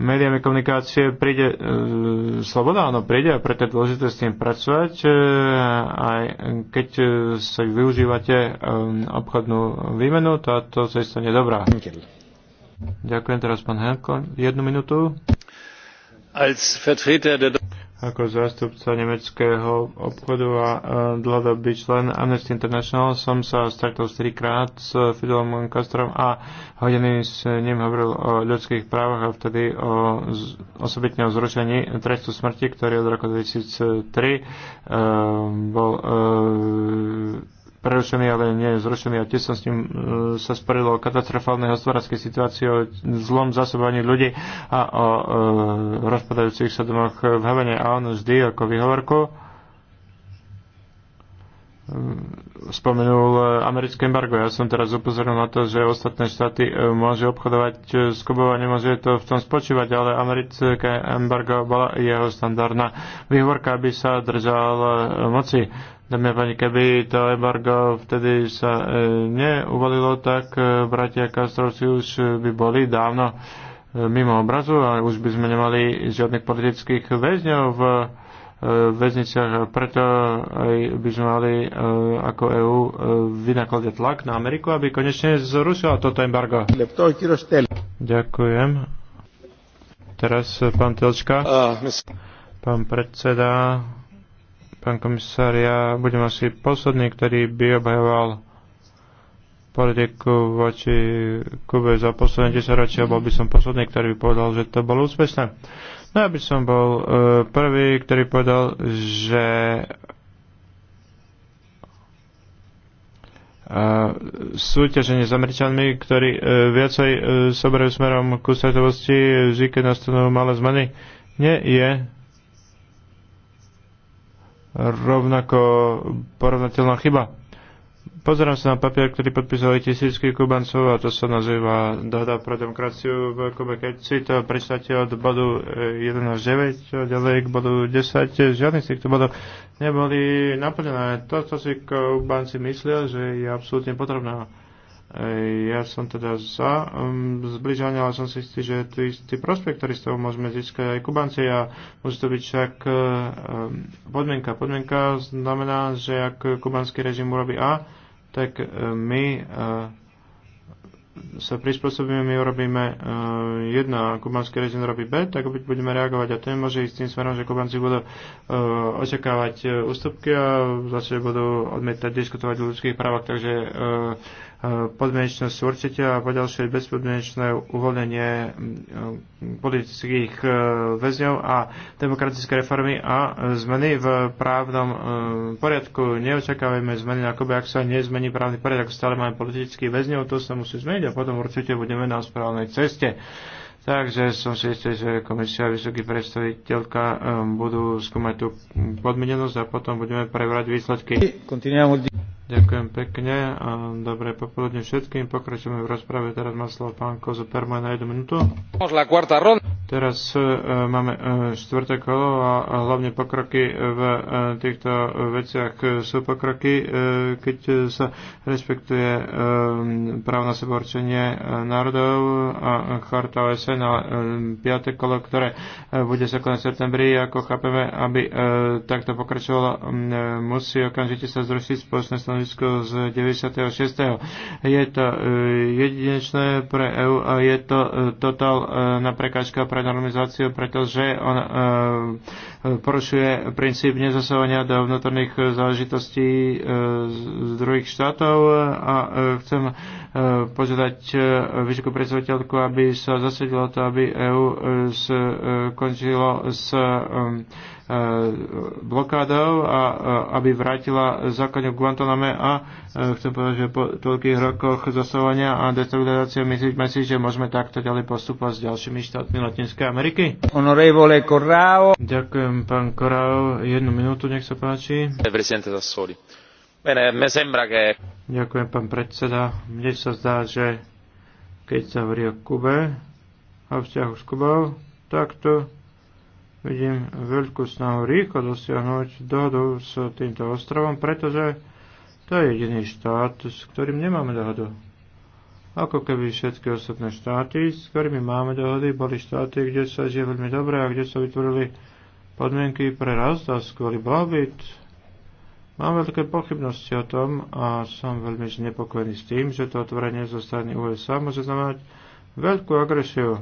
B: médiami komunikácie príde e, sloboda, áno, príde a preto je dôležité s tým pracovať. E, aj keď e, sa využívate e, obchodnú výmenu, táto cesta je dobrá. Ďakujem. Ďakujem teraz pán Henko. Jednu minútu. Als Vertreter der ako zástupca nemeckého obchodu a e, dlhodobý člen Amnesty International som sa stretol trikrát s Fidelom Castrom a hodiny s ním hovoril o ľudských právach a vtedy o osobitne o zrušení trestu smrti, ktorý od roku 2003 e, bol e, prerušený, ale nie je zrušený a tiež som s ním e, sa sporilo o katastrofálnej hospodárskej situácii, o zlom zasobovaní ľudí a o e, rozpadajúcich sa domoch v Havane a on vždy ako vyhovorku e, spomenul e, americké embargo. Ja som teraz upozoril na to, že ostatné štáty môžu obchodovať s Kubou a nemôže to v tom spočívať, ale americké embargo bola jeho standardná výhovorka, aby sa držal moci. Dámy a páni, keby to embargo vtedy sa e, neuvalilo, tak e, bratia Kastrovci už by boli dávno e, mimo obrazu a už by sme nemali žiadnych politických väzňov v e, väzniciach. preto aj by sme mali e, ako EÚ e, e vynakladať tlak na Ameriku, aby konečne zrušila toto embargo. Ďakujem. Teraz e, pán Telčka. Pán predseda, Pán komisár, ja budem asi posledný, ktorý by obhajoval politiku voči Kube za posledné 10 ročia, bol by som posledný, ktorý by povedal, že to bolo úspešné. No ja by som bol uh, prvý, ktorý povedal, že uh, súťaženie s Američanmi, ktorí uh, viacej uh, soberajú smerom k ústretovosti, vždy keď nastanú malé zmeny, nie je rovnako porovnateľná chyba. Pozerám sa na papier, ktorý podpísali tisícky Kubancov a to sa nazýva Dohoda pro demokraciu v Kube. Keď si to prečítate od bodu 1 e, až 9 a ďalej k bodu 10, e, žiadny z týchto bodov neboli naplnené. To, čo si Kubanci myslia, že je absolútne potrebné ja som teda za um, zbližanie, ale som si istý, že tu istý prospekt, ktorý z toho môžeme získať aj Kubanci a musí to byť však um, podmienka. Podmienka znamená, že ak kubanský režim urobí A, tak um, my uh, sa prispôsobíme, my urobíme uh, e, jedno a kubanský režim robí B, tak opäť budeme reagovať a to nemôže ísť tým smerom, že Kubanci budú uh, očakávať uh, ústupky a zase budú odmietať diskutovať o ľudských právach, takže uh, podmienečnosť určite a poďalšie bezpodmienečné uvoľnenie mm, mm, politických e, väzňov a demokratické reformy a zmeny v právnom e, poriadku. neočakávame zmeny na Kube, ak sa nezmení právny poriadok, stále máme politických väzňov, to sa musí zmeniť a potom určite budeme na správnej ceste. Takže som si istý, že komisia a vysoký predstaviteľka e, budú skúmať tú podmienenosť a potom budeme prebrať výsledky. Ďakujem pekne a dobré popoludne všetkým. Pokračujeme v rozprave. Teraz má slovo pán Kozo Perma na jednu minútu. ronda. Teraz e, máme e, štvrté kolo a hlavne pokroky v e, týchto veciach sú pokroky, keď sa respektuje právo na seborčenie národov a charta OSN a piaté kolo, ktoré bude sa konať v septembri, ako chápeme, aby takto pokračovalo, musí okamžite sa zrušiť spoločné stanovisko z 96. Je to jedinečné pre EU a je to total na prekážka pre pre pretože on e, porušuje princíp nezasovania do vnútorných záležitostí e, z druhých štátov a e, chcem e, požiadať e, vysokú predstaviteľku, aby sa zasedilo to, aby EU skončilo e, s e, Eh, blokádou a eh, aby vrátila základňu Guantaname a eh, chcem povedať, že po toľkých rokoch zasahovania a destabilizácie myslíte si, že môžeme takto ďalej postupovať s ďalšími štátmi Latinskej Ameriky? Honorevole Corrao. Ďakujem, pán Corrao. Jednu minútu, nech sa páči. Prezidente Sassoli. Bene, me sembra che... Ďakujem, pán predseda. Mne sa zdá, že keď sa hovorí o Kube a vzťahu s Kubou, tak to vidím veľkú snahu rýchlo dosiahnuť dohodu s týmto ostrovom, pretože to je jediný štát, s ktorým nemáme dohodu. Ako keby všetky ostatné štáty, s ktorými máme dohody, boli štáty, kde sa žije veľmi dobre a kde sa vytvorili podmienky pre rast a skvelý blahobyt. Mám veľké pochybnosti o tom a som veľmi znepokojený s tým, že to otvorenie zo strany USA môže znamenať veľkú agresiu,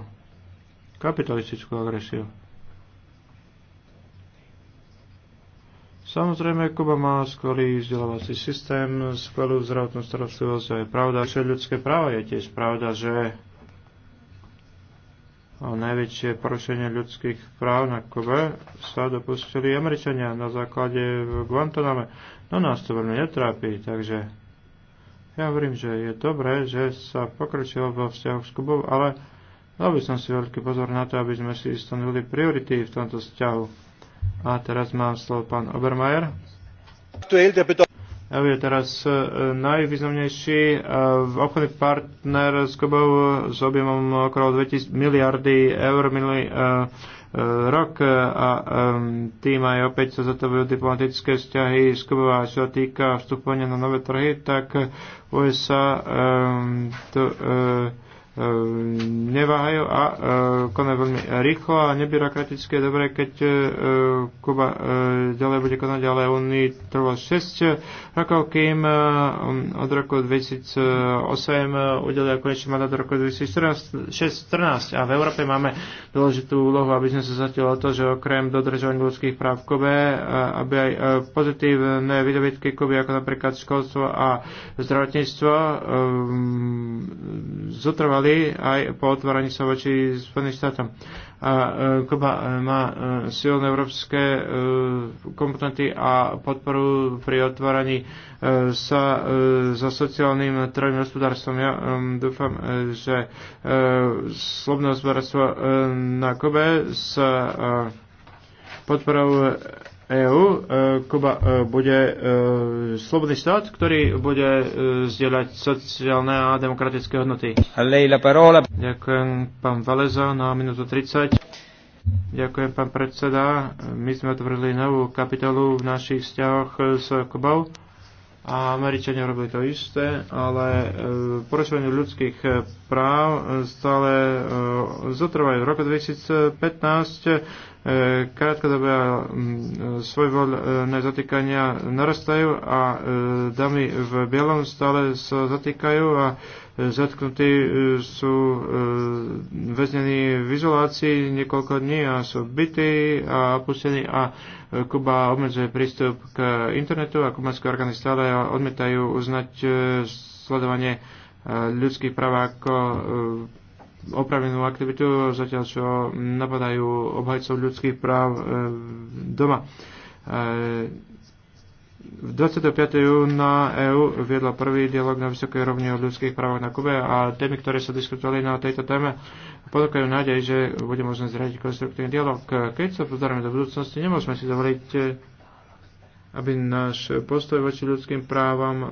B: kapitalistickú agresiu. Samozrejme, Kuba má skvelý vzdelávací systém, skvelú zdravotnú starostlivosť a je pravda, že ľudské práva je tiež pravda, že a najväčšie porušenie ľudských práv na Kube sa dopustili Američania na základe v Guantaname. No nás to veľmi netrápi, takže ja hovorím, že je dobré, že sa pokročilo vo vzťahoch s Kubou, ale dal by som si veľký pozor na to, aby sme si stanovili priority v tomto vzťahu a teraz má slovo pán Obermajer. Ja je teraz e, najvýznamnejší e, obchodný partner s Kubou s objemom okolo 2000 miliardy eur minulý e, rok a tým aj opäť sa zatavujú diplomatické vzťahy s Kubou a čo týka vstupovania na nové trhy, tak USA to neváhajú a e, konajú veľmi rýchlo a nebyrokratické dobre, keď e, e, Kuba ďalej bude konať, ale Unii trvalo 6 rokov, kým od roku 2008 udelia konečný mandát roku 2014 a v Európe máme dôležitú úlohu, aby sme sa zatiaľ o to, že okrem dodržovania ľudských práv v Kube, aby aj pozitívne vydobitky Kuby, ako napríklad školstvo a zdravotníctvo, zotrvali boli aj po otvorení sa voči Spojeným štátom. A e, Kuba e, má e, silné európske komponenty a podporu pri otvorení sa za sociálnym trojným hospodárstvom. Ja dúfam, že slobné hospodárstvo na Kube sa podporou EÚ, e, Kuba e, bude e, slobodný štát, ktorý bude zdieľať sociálne a demokratické hodnoty. Ďakujem pán Valeza na minútu 30. Ďakujem pán predseda. My sme otvorili novú kapitolu v našich vzťahoch s Kubou. A Američania robili to isté, ale porušovanie ľudských práv stále zotrvajú. V roku 2015 e, krátkodobé e, svojvoľné zatýkania narastajú a e, damy v bielom stále sa zatýkajú a zatknutí sú väznení v izolácii niekoľko dní a sú bytí a opustení a Kuba obmedzuje prístup k internetu a kubanské orgány stále odmietajú uznať sledovanie ľudských práv ako opravenú aktivitu, zatiaľ čo napadajú obhajcov ľudských práv e, doma. 25. E, júna EÚ viedla prvý dialog na vysokej rovni o ľudských právach na Kube a témy, ktoré sa diskutovali na tejto téme, ponúkajú nádej, že bude možné zradiť konstruktívny dialog. Keď sa pozrieme do budúcnosti, nemôžeme si dovoliť e, aby náš postoj voči ľudským právam um,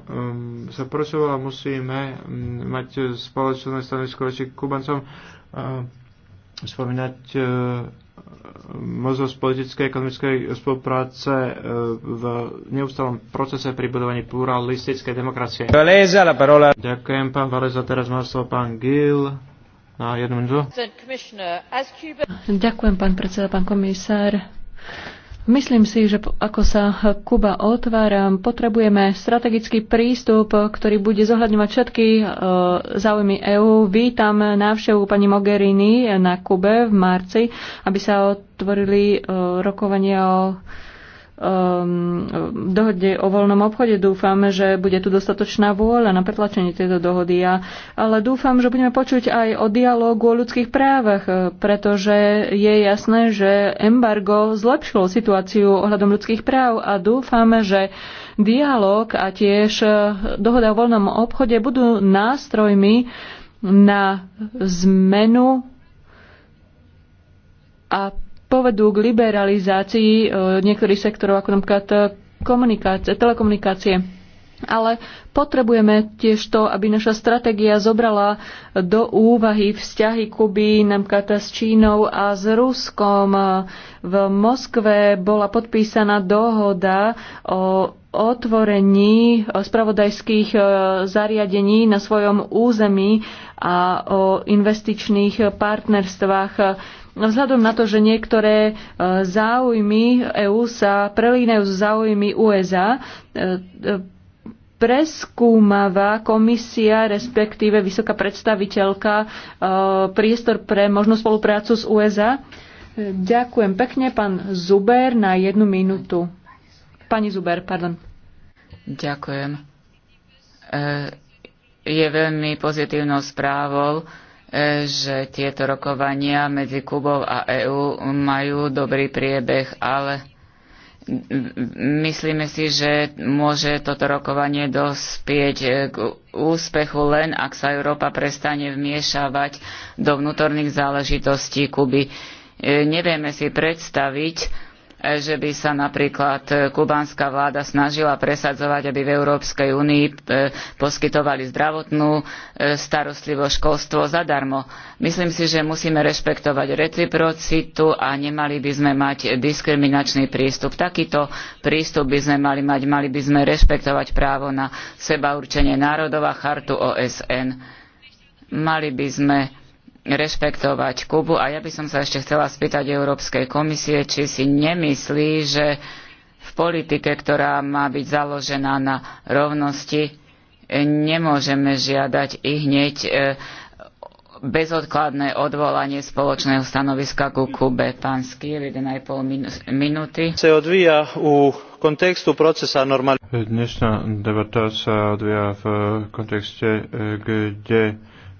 B: sa prosoval a musíme um, mať spoločné stanovisko voči Kubancom. Uh, spomínať uh, možnosť politickej a ekonomickej spolupráce uh, v neustálom procese pri budovaní pluralistickej demokracie. Valeza, la parola. Ďakujem, pán Valéza, Teraz má slovo pán Gil. Na jednu minútu.
C: Ďakujem, pán predseda, pán komisár. Myslím si, že ako sa Kuba otvára, potrebujeme strategický prístup, ktorý bude zohľadňovať všetky e, záujmy EÚ. Vítam návštevu pani Mogherini na Kube v marci, aby sa otvorili e, rokovania o um, dohode o voľnom obchode. Dúfame, že bude tu dostatočná vôľa na pretlačenie tejto dohody. A, ale dúfam, že budeme počuť aj o dialógu o ľudských právach, eh, pretože je jasné, že embargo zlepšilo situáciu ohľadom ľudských práv a dúfame, že dialog a tiež eh, dohoda o voľnom obchode budú nástrojmi na zmenu a povedú k liberalizácii e, niektorých sektorov, ako napríklad e, komunikácie, telekomunikácie. Ale potrebujeme tiež to, aby naša stratégia zobrala do úvahy vzťahy Kuby, napríklad s Čínou a s Ruskom. V Moskve bola podpísaná dohoda o otvorení spravodajských e, zariadení na svojom území a o investičných partnerstvách Vzhľadom na to, že niektoré e, záujmy EÚ sa prelínajú s záujmy USA, e, e, preskúmava komisia, respektíve vysoká predstaviteľka, priestor pre možnú spoluprácu s USA. Ďakujem pekne, pán Zuber, na jednu minútu. Pani Zuber, pardon.
A: Ďakujem. Je veľmi pozitívnou správou, že tieto rokovania medzi Kubou a EÚ majú dobrý priebeh, ale myslíme si, že môže toto rokovanie dospieť k úspechu len, ak sa Európa prestane vmiešavať do vnútorných záležitostí Kuby. E, nevieme si predstaviť, že by sa napríklad e, kubánska vláda snažila presadzovať, aby v Európskej únii e, poskytovali zdravotnú e, starostlivosť, školstvo zadarmo. Myslím si, že musíme rešpektovať reciprocitu a nemali by sme mať diskriminačný prístup. Takýto prístup by sme mali mať, mali by sme rešpektovať právo na seba určenie národov a chartu OSN. Mali by sme rešpektovať Kubu. A ja by som sa ešte chcela spýtať Európskej komisie, či si nemyslí, že v politike, ktorá má byť založená na rovnosti, nemôžeme žiadať i hneď e, bezodkladné odvolanie spoločného stanoviska ku Kube. Pán Skýr, 1,5 minúty.
B: Se odvíja u kontextu procesa Dnešná debata sa odvíja v kontexte, e, kde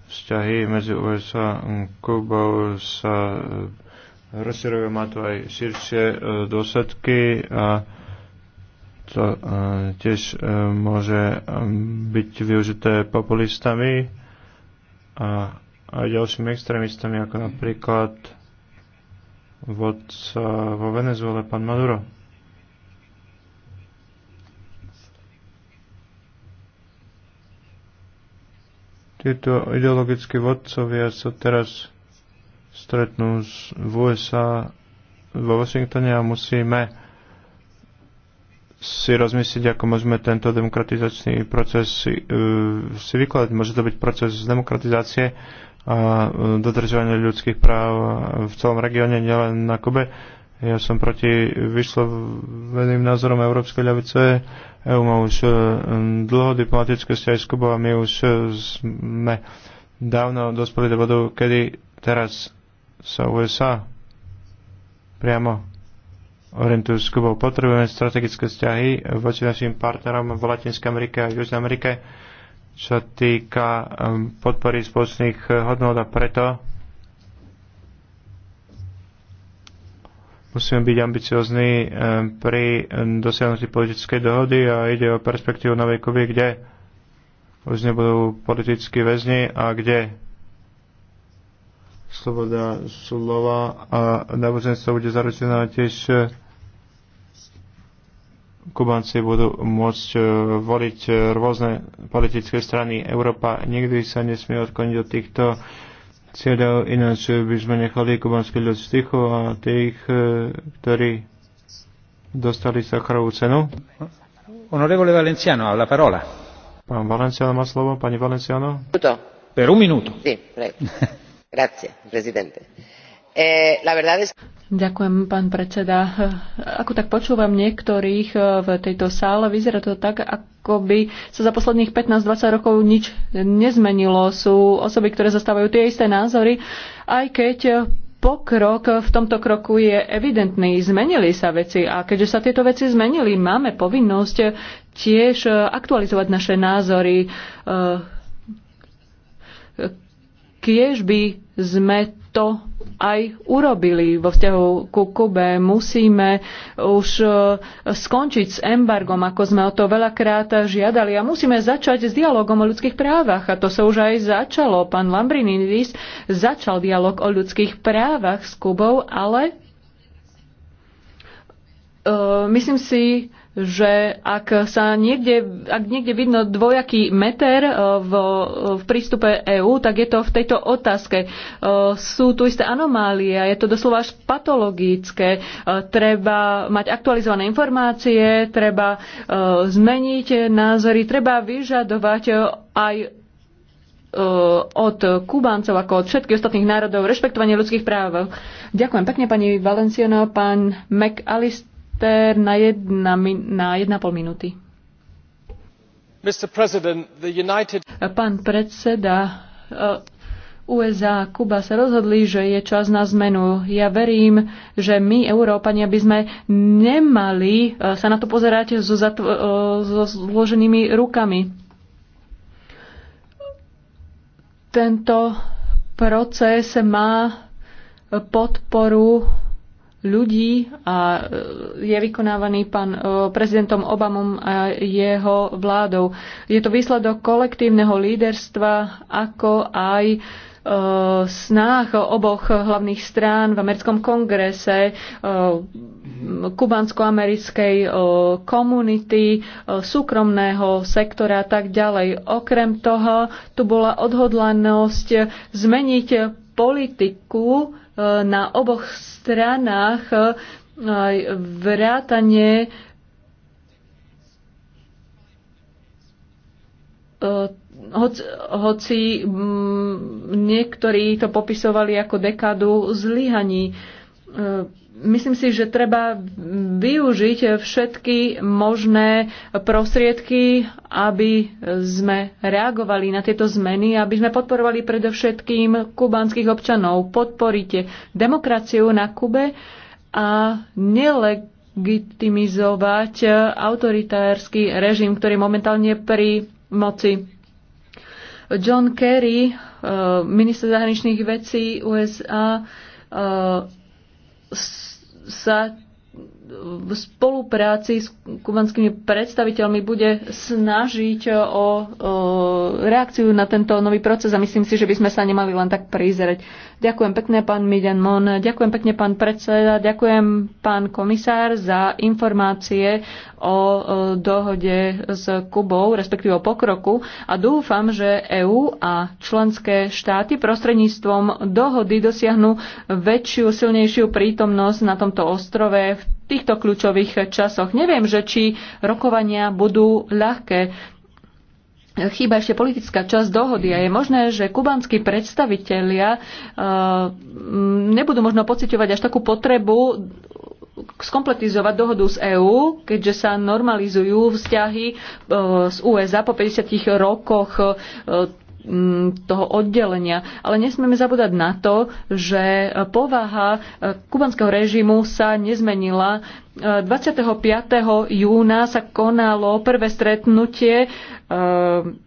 B: vzťahy medzi USA a Kubou sa eh, rozširujú, má to aj širšie eh, dôsledky a to eh, tiež môže byť využité populistami a aj ďalšími extrémistami, ako napríklad vodca vo Venezuele, pán Maduro. Tieto ideologické vodcovia sa teraz stretnú z USA vo Washingtone a musíme si rozmyslieť, ako môžeme tento demokratizačný proces e, si vykladať. Môže to byť proces demokratizácie a e, dodržovania ľudských práv v celom regióne, nielen na Kobe ja som proti vysloveným názorom Európskej ľavice. EU má už e, dlho diplomatické vzťahy s Kubou a my už e, sme dávno dospeli do bodu, kedy teraz sa USA priamo orientujú s Kubou. Potrebujeme strategické vzťahy voči našim partnerom v Latinskej Amerike a Južnej Amerike, čo týka podpory spoločných e, hodnot a preto Musíme byť ambiciozní eh, pri dosiahnutí politickej dohody a ide o perspektívu novej Kuby, kde už nebudú politickí väzni a kde sloboda slova a náboženstvo bude zaručená tiež eh, Kubanci budú môcť eh, voliť rôzne politické strany. Európa nikdy sa nesmie odkloniť od týchto cieľov, ináč by sme nechali kubanský ľud stichu a tých, e, ktorí dostali Sacharovú cenu. Onorevole Valenciano, la parola. Pán Valenciano má slovo, pani Valenciano. Tuto. Per un minuto.
C: Sí,
A: prego. Grazie, presidente.
C: Eh, la verdad es... Ďakujem, pán predseda. Ako tak počúvam niektorých eh, v tejto sále, vyzerá to tak, ako by sa za posledných 15-20 rokov nič nezmenilo. Sú osoby, ktoré zastávajú tie isté názory, aj keď pokrok v tomto kroku je evidentný. Zmenili sa veci a keďže sa tieto veci zmenili, máme povinnosť tiež aktualizovať naše názory eh, kiež by sme to aj urobili vo vzťahu ku Kube. Musíme už e, skončiť s embargom, ako sme o to veľakrát žiadali a musíme začať s dialogom o ľudských právach. A to sa už aj začalo. Pán Lambrinidis začal dialog o ľudských právach s Kubou, ale uh, myslím si, že ak sa niekde, ak niekde vidno dvojaký meter e, v, v prístupe EÚ, tak je to v tejto otázke. E, sú tu isté anomálie, je to doslova až patologické. E, treba mať aktualizované informácie, treba zmeniť názory, treba vyžadovať aj od Kubáncov ako od všetkých ostatných národov rešpektovanie ľudských práv. Ďakujem pekne pani Valenciano, pán McAllister minister na, jedna, na pol minúty. United... Pán predseda, eh, USA a Kuba sa rozhodli, že je čas na zmenu. Ja verím, že my, Európania, by sme nemali eh, sa na to pozerať so, eh, so zloženými rukami. Tento proces má podporu ľudí a e, je vykonávaný pán e, prezidentom Obamom a jeho vládou. Je to výsledok kolektívneho líderstva, ako aj e, snách oboch hlavných strán v americkom kongrese, kubansko-americkej komunity, súkromného sektora a tak ďalej. Okrem toho, tu bola odhodlanosť zmeniť politiku Eh, na oboch stranách eh, vrátanie eh, hoci, hoci mm, niektorí to popisovali ako dekádu zlyhaní myslím si, že treba využiť všetky možné prostriedky, aby sme reagovali na tieto zmeny, aby sme podporovali predovšetkým kubanských občanov. Podporite demokraciu na Kube a nelegitimizovať autoritársky režim, ktorý momentálne pri moci. John Kerry, eh, minister zahraničných vecí USA, eh, sa v spolupráci s kubanskými predstaviteľmi bude snažiť o, o reakciu na tento nový proces a myslím si, že by sme sa nemali len tak prizerať. Ďakujem pekne, pán Miden Mon. Ďakujem pekne, pán predseda. Ďakujem, pán komisár, za informácie o dohode s Kubou, respektíve o pokroku. A dúfam, že EÚ a členské štáty prostredníctvom dohody dosiahnu väčšiu, silnejšiu prítomnosť na tomto ostrove v týchto kľúčových časoch. Neviem, že či rokovania budú ľahké chýba ešte politická časť dohody a je možné, že kubanskí predstavitelia e, nebudú možno pociťovať až takú potrebu skompletizovať dohodu z EÚ, keďže sa normalizujú vzťahy e, z USA po 50 rokoch e, toho oddelenia. Ale nesmieme zabúdať na to, že povaha kubanského režimu sa nezmenila. 25. júna sa konalo prvé stretnutie Um,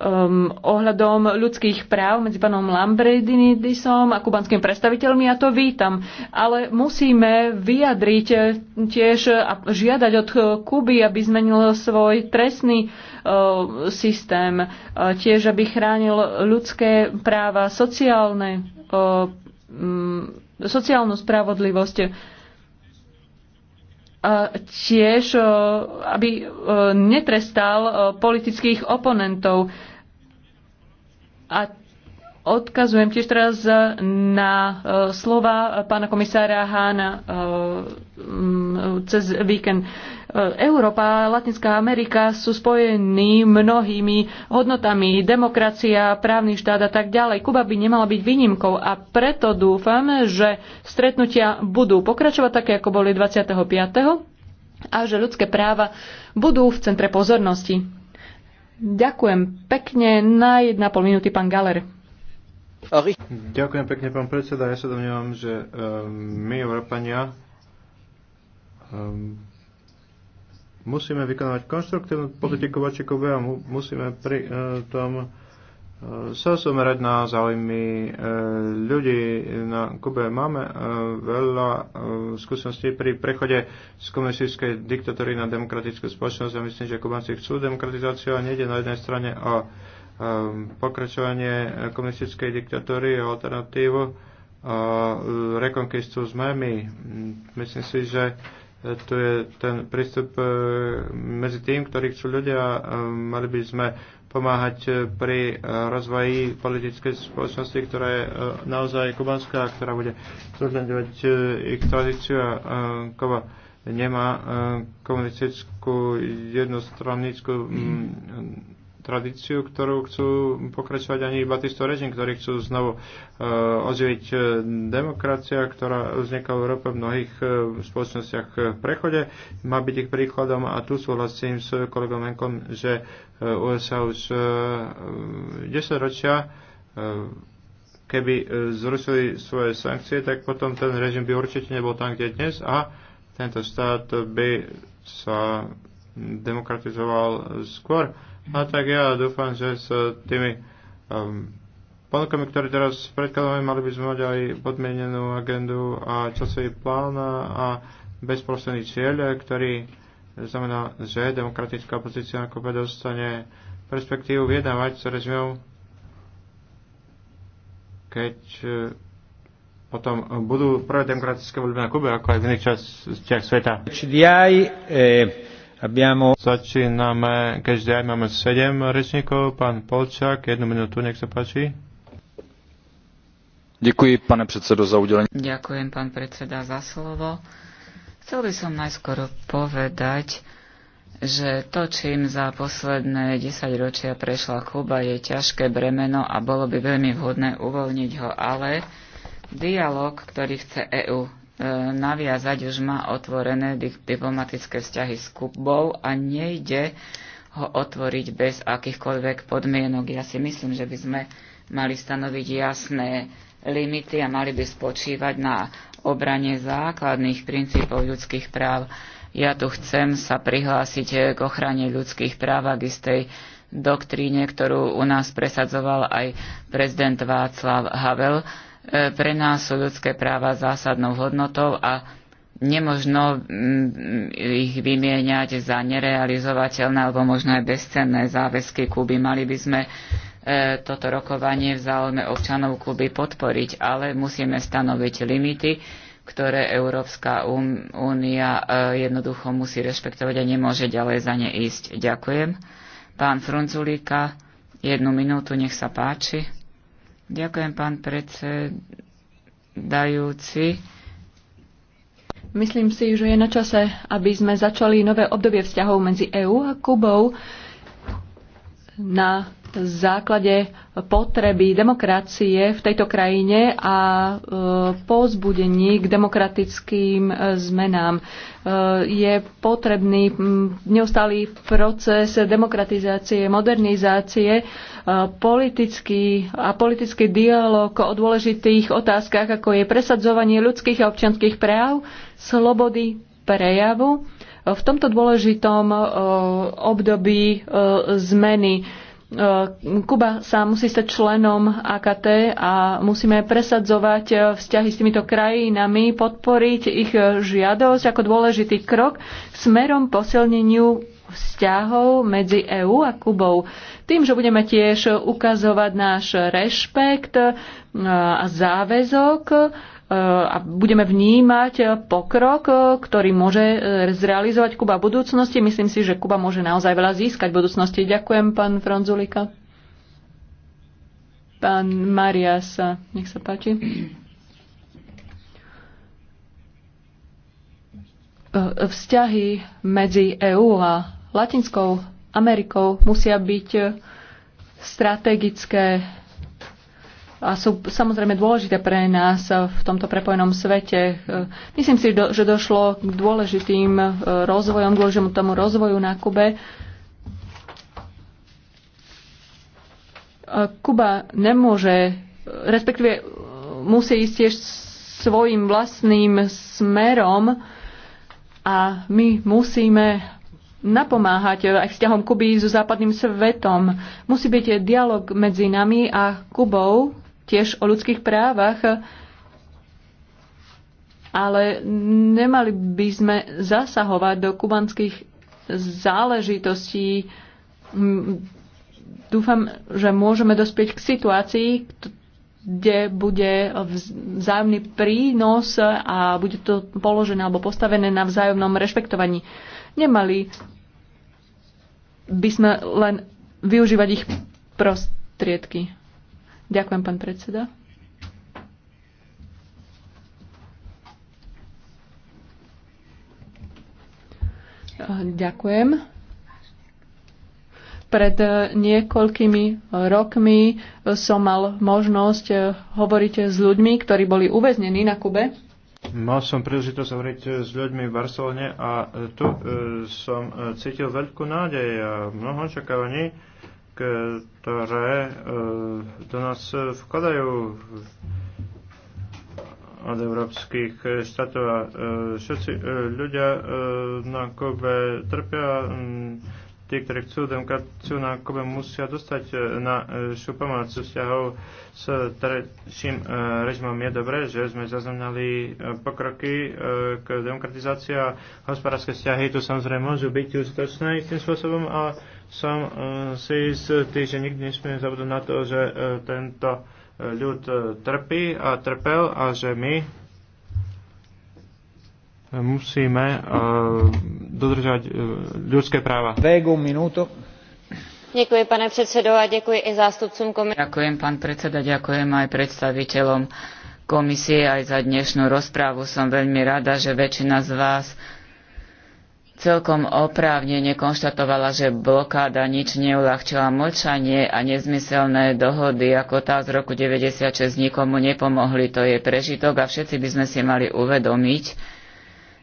C: um, ohľadom ľudských práv medzi pánom Lambredinidisom a kubanskými predstaviteľmi a to vítam. Ale musíme vyjadriť eh, tiež a žiadať od eh, Kuby, aby zmenil svoj trestný uh, systém, uh, tiež aby chránil ľudské práva, sociálne, uh, um, sociálnu spravodlivosť tiež, aby netrestal politických oponentov. A odkazujem tiež teraz na slova pána komisára Hána cez víkend. E, Európa a Latinská Amerika sú spojení mnohými hodnotami, demokracia, právny štát a tak ďalej. Kuba by nemala byť výnimkou a preto dúfam, že stretnutia budú pokračovať také, ako boli 25. a že ľudské práva budú v centre pozornosti. Ďakujem pekne. Na 1,5 minúty pán Galer.
B: Ďakujem pekne, pán predseda. Ja sa domnievam, že um, my, Európania, um, musíme vykonávať konštruktívnu politiku voči Kube a mu, musíme pri e, tom e, sa zomerať na záujmy e, ľudí na Kube. Máme e, veľa e, skúseností pri prechode z komunistickej diktatúry na demokratickú spoločnosť a myslím, že Kubanci chcú demokratizáciu a nejde na jednej strane o e, pokračovanie komunistickej diktatúry a alternatívu a e, rekonkistu sme my. Myslím si, že to je ten prístup e, medzi tým, ktorý chcú ľudia. E, mali by sme pomáhať e, pri rozvoji politickej spoločnosti, ktorá je naozaj kubanská, ktorá bude zohľadňovať ich tradíciu a Kuba nemá komunistickú jednostrannickú tradíciu, ktorú chcú pokračovať ani Batisto režim, ktorí chcú znovu uh, oživiť e, demokracia, ktorá vzniká v Európe v mnohých uh, spoločnostiach v prechode. Má byť ich príkladom a tu súhlasím s kolegom Enkom, že uh, USA už uh, 10 ročia uh, keby zrušili svoje sankcie, tak potom ten režim by určite nebol tam, kde dnes a tento štát by sa demokratizoval skôr. No tak ja dúfam, že s tými um, ponukami, ktoré teraz predkladáme, mali by sme mať aj podmienenú agendu a časový plán a bezprostredný cieľ, ktorý znamená, že demokratická pozícia na kope dostane perspektívu vyjednávať s režimom, keď e, potom budú prvé demokratické voľby na Kube, ako aj v iných častiach sveta. HDI, eh... Abbiamo... Začíname, každý aj máme 7 rečníkov. Pán Polčák, jednu minútu, nech sa páči.
A: Ďakujem, pane predsedo, za udelenie. Ďakujem, pán predseda, za slovo. Chcel by som najskôr povedať, že to, čím za posledné 10 ročia prešla Kuba, je ťažké bremeno a bolo by veľmi vhodné uvoľniť ho, ale dialog, ktorý chce EÚ E, naviazať, už má otvorené diplomatické vzťahy s Kubou a nejde ho otvoriť bez akýchkoľvek podmienok. Ja si myslím, že by sme mali stanoviť jasné limity a mali by spočívať na obrane základných princípov ľudských práv. Ja tu chcem sa prihlásiť k ochrane ľudských práv a k istej doktríne, ktorú u nás presadzoval aj prezident Václav Havel, E, pre nás sú ľudské práva zásadnou hodnotou a nemožno ich vymieňať za nerealizovateľné alebo možno aj bezcenné záväzky Kuby. Mali by sme e, toto rokovanie v záujme občanov Kuby podporiť, ale musíme stanoviť limity, ktoré Európska um, únia e, jednoducho musí rešpektovať a nemôže ďalej za ne ísť. Ďakujem. Pán Frunzulíka, jednu minútu, nech sa páči. Ďakujem, pán predsedajúci.
C: Myslím si, že je na čase, aby sme začali nové obdobie vzťahov medzi EÚ a Kubou na základe potreby demokracie v tejto krajine a e, pozbudení k demokratickým e, zmenám. E, je potrebný neustály proces demokratizácie, modernizácie, politický a politický dialog o dôležitých otázkach, ako je presadzovanie ľudských a občianských práv, slobody prejavu, v tomto dôležitom e, období e, zmeny e, Kuba sa musí stať členom AKT a musíme presadzovať vzťahy s týmito krajinami, podporiť ich žiadosť ako dôležitý krok smerom posilneniu vzťahov medzi EÚ a Kubou. Tým, že budeme tiež ukazovať náš rešpekt a záväzok, E, a budeme vnímať e, pokrok, e, ktorý môže zrealizovať Kuba v budúcnosti. Myslím si, že Kuba môže naozaj veľa získať v budúcnosti. Ďakujem, pán Franzulika. Pán Marias, nech sa páči. Vzťahy medzi EÚ a Latinskou Amerikou musia byť strategické a sú samozrejme dôležité pre nás v tomto prepojenom svete. Myslím si, že došlo k dôležitým e, rozvojom, k dôležitému tomu rozvoju na Kube. E, Kuba nemôže, respektíve e, musí ísť tiež svojim vlastným smerom a my musíme napomáhať aj vzťahom Kuby so západným svetom. Musí byť dialog medzi nami a Kubou, tiež o ľudských právach, ale nemali by sme zasahovať do kubanských záležitostí. Dúfam, že môžeme dospieť k situácii, kde bude vzájomný prínos a bude to položené alebo postavené na vzájomnom rešpektovaní. Nemali by sme len využívať ich prostriedky. Ďakujem, pán predseda. Ďakujem. Pred niekoľkými rokmi som mal možnosť hovoriť s ľuďmi, ktorí boli uväznení na Kube.
B: Mal som príležitosť hovoriť s ľuďmi v Barcelone a tu e, som e, cítil veľkú nádej a mnoho očakávaní ktoré e, do nás vkladajú od európskych štátov a e, všetci e, ľudia na kobe trpia. Tí, ktorí chcú demokraciu na kobe musia dostať na našu pomoc vzťahov s terajším režimom. Je dobré, že sme zaznamenali pokroky k demokratizácii a hospodárske vzťahy tu samozrejme môžu byť užitočné istým spôsobom, ale som e, si istý, že nikdy nesmieme zabudnúť na to, že e, tento e, ľud trpí a trpel a že my musíme dodržať ľudské práva. Ďakujem,
A: pane predsedo, a ďakujem i zástupcom komisie. Ďakujem, pán predseda, ďakujem aj predstaviteľom komisie aj za dnešnú rozprávu. Som veľmi rada, že väčšina z vás celkom oprávnene konštatovala, že blokáda nič neuľahčila mlčanie a nezmyselné dohody ako tá z roku 96 nikomu nepomohli. To je prežitok a všetci by sme si mali uvedomiť,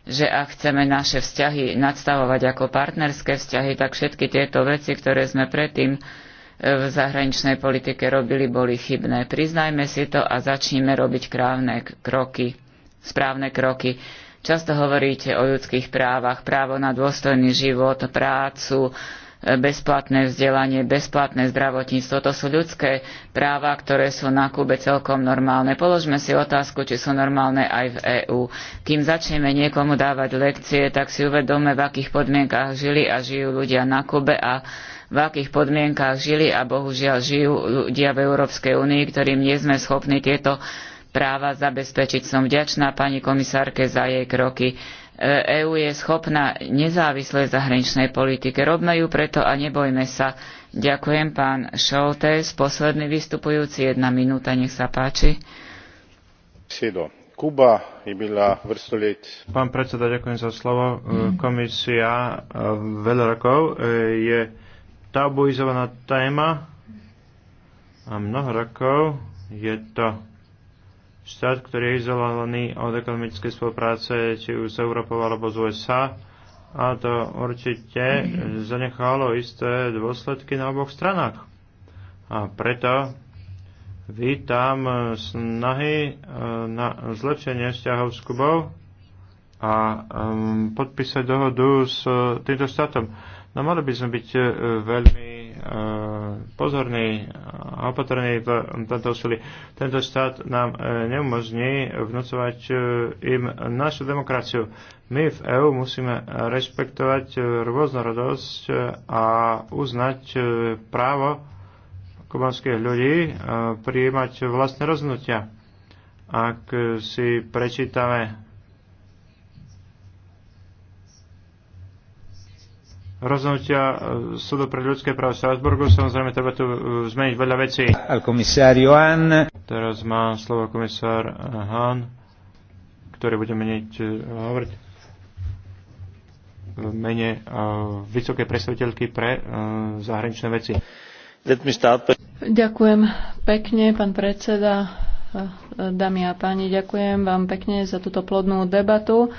A: že ak chceme naše vzťahy nadstavovať ako partnerské vzťahy, tak všetky tieto veci, ktoré sme predtým e, v zahraničnej politike robili, boli chybné. Priznajme si to a začníme robiť krávne kroky, správne kroky Často hovoríte o ľudských právach, právo na dôstojný život, prácu, bezplatné vzdelanie, bezplatné zdravotníctvo. To sú ľudské práva, ktoré sú na Kube celkom normálne. Položme si otázku, či sú normálne aj v EÚ. Kým začneme niekomu dávať lekcie, tak si uvedome, v akých podmienkach žili a žijú ľudia na Kube a v akých podmienkach žili a bohužiaľ žijú ľudia v Európskej únii, ktorým nie sme schopní tieto práva zabezpečiť. Som vďačná pani komisárke za jej kroky. EÚ e je schopná nezávislej zahraničnej politike. Robme ju preto a nebojme sa. Ďakujem pán Šoltes. Posledný vystupujúci, jedna minúta, nech sa páči.
B: Sido. Kuba je byla vrstoliť. Pán predseda, ďakujem za slovo. E, komisia e, veľa rokov je tabuizovaná téma a mnoho rokov je to štát, ktorý je izolovaný od ekonomickej spolupráce či už s Európou alebo z USA a to určite zanechalo isté dôsledky na oboch stranách. A preto vítam snahy e, na zlepšenie vzťahov s Kubou a e, podpísať dohodu s e, týmto štátom. No mali by sme byť veľmi Eh, pozorní a opatrní v tomto úsilí. Tento štát nám eh, neumožní vnúcovať eh, im našu demokraciu. My v EÚ musíme rešpektovať rôznorodosť a uznať právo kubanských ľudí prijímať vlastné rozhodnutia. Ak si prečítame rozhodnutia e, súdu pre ľudské práva v Strasburgu. Samozrejme, treba tu e, zmeniť veľa vecí. Teraz má slovo komisár e, Hahn, ktorý bude meniť hovoriť v mene vysokej predstaviteľky pre zahraničné veci.
C: Ďakujem pekne, pán predseda. Dámy a páni, ďakujem vám pekne za túto plodnú debatu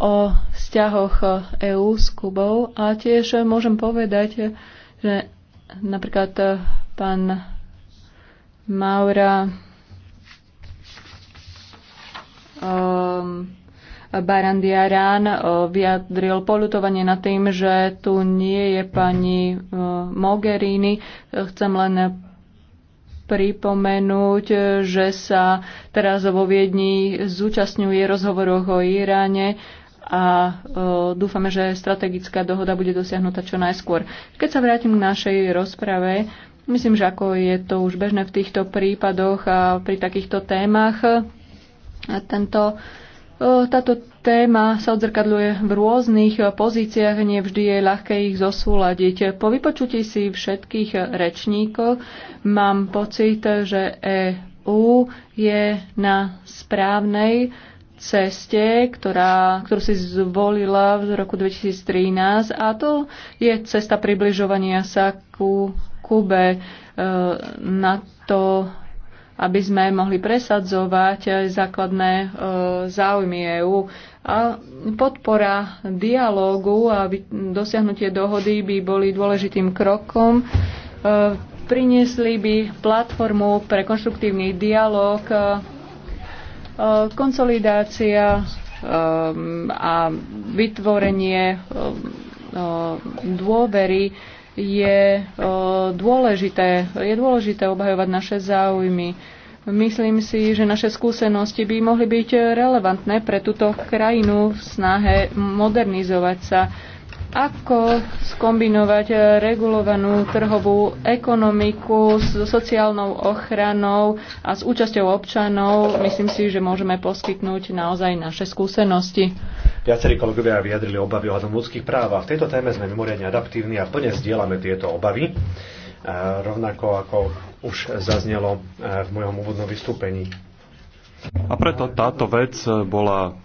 C: o vzťahoch EÚ e s Kubou a tiež môžem povedať, že napríklad e, pán Maura um, ehm, Rán e, vyjadril polutovanie nad tým, že tu nie je pani Mogherini. Chcem len pripomenúť, že sa teraz vo Viedni zúčastňuje rozhovoroch o Iráne a e, dúfame, že strategická dohoda bude dosiahnutá čo najskôr. Keď sa vrátim k našej rozprave, myslím, že ako je to už bežné v týchto prípadoch a pri takýchto témach, tento, e, táto téma sa odzrkadľuje v rôznych pozíciách, nevždy je ľahké ich zosúľadiť. Po vypočutí si všetkých rečníkov mám pocit, že EU je na správnej ceste, ktorá, ktorú si zvolila v roku 2013 a to je cesta približovania sa ku Kube e, na to, aby sme mohli presadzovať základné e, záujmy EÚ a podpora dialógu a dosiahnutie dohody by boli dôležitým krokom. E, priniesli by platformu pre konštruktívny dialóg, e, e, konsolidácia a vytvorenie dôvery je dôležité. Je dôležité obhajovať naše záujmy Myslím si, že naše skúsenosti by mohli byť relevantné pre túto krajinu v snahe modernizovať sa. Ako skombinovať regulovanú trhovú ekonomiku s sociálnou ochranou a s účasťou občanov, myslím si, že môžeme poskytnúť naozaj naše skúsenosti.
B: Viacerí kolegovia vyjadrili obavy o ľudských práv a v tejto téme sme mimoriadne adaptívni a plne zdieľame tieto obavy rovnako ako už zaznelo e, v mojom
C: úvodnom vystúpení.
B: A preto táto vec bola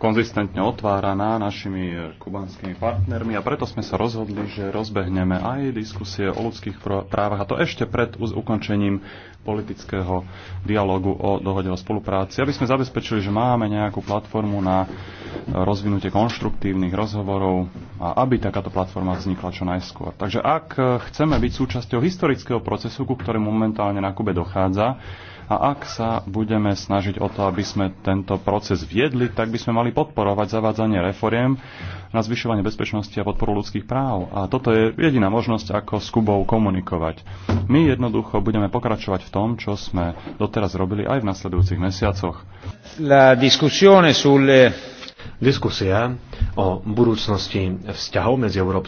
B: konzistentne otváraná našimi eh, kubanskými partnermi a preto sme sa rozhodli, že rozbehneme aj diskusie o ľudských právach a to ešte pred ukončením politického
C: dialogu o dohode o spolupráci, aby sme zabezpečili, že máme nejakú platformu na eh, rozvinutie konštruktívnych rozhovorov a aby takáto platforma vznikla čo najskôr. Takže ak
B: eh, chceme byť súčasťou historického procesu, ku ktorému momentálne na Kube dochádza, a ak sa budeme snažiť o to, aby sme tento proces viedli, tak by sme mali podporovať zavádzanie reforiem na zvyšovanie bezpečnosti a podporu ľudských práv. A toto je jediná možnosť, ako s Kubou komunikovať. My jednoducho budeme pokračovať v tom, čo sme doteraz robili aj v nasledujúcich mesiacoch. La sulle Diskusia o budúcnosti vzťahov medzi Európskou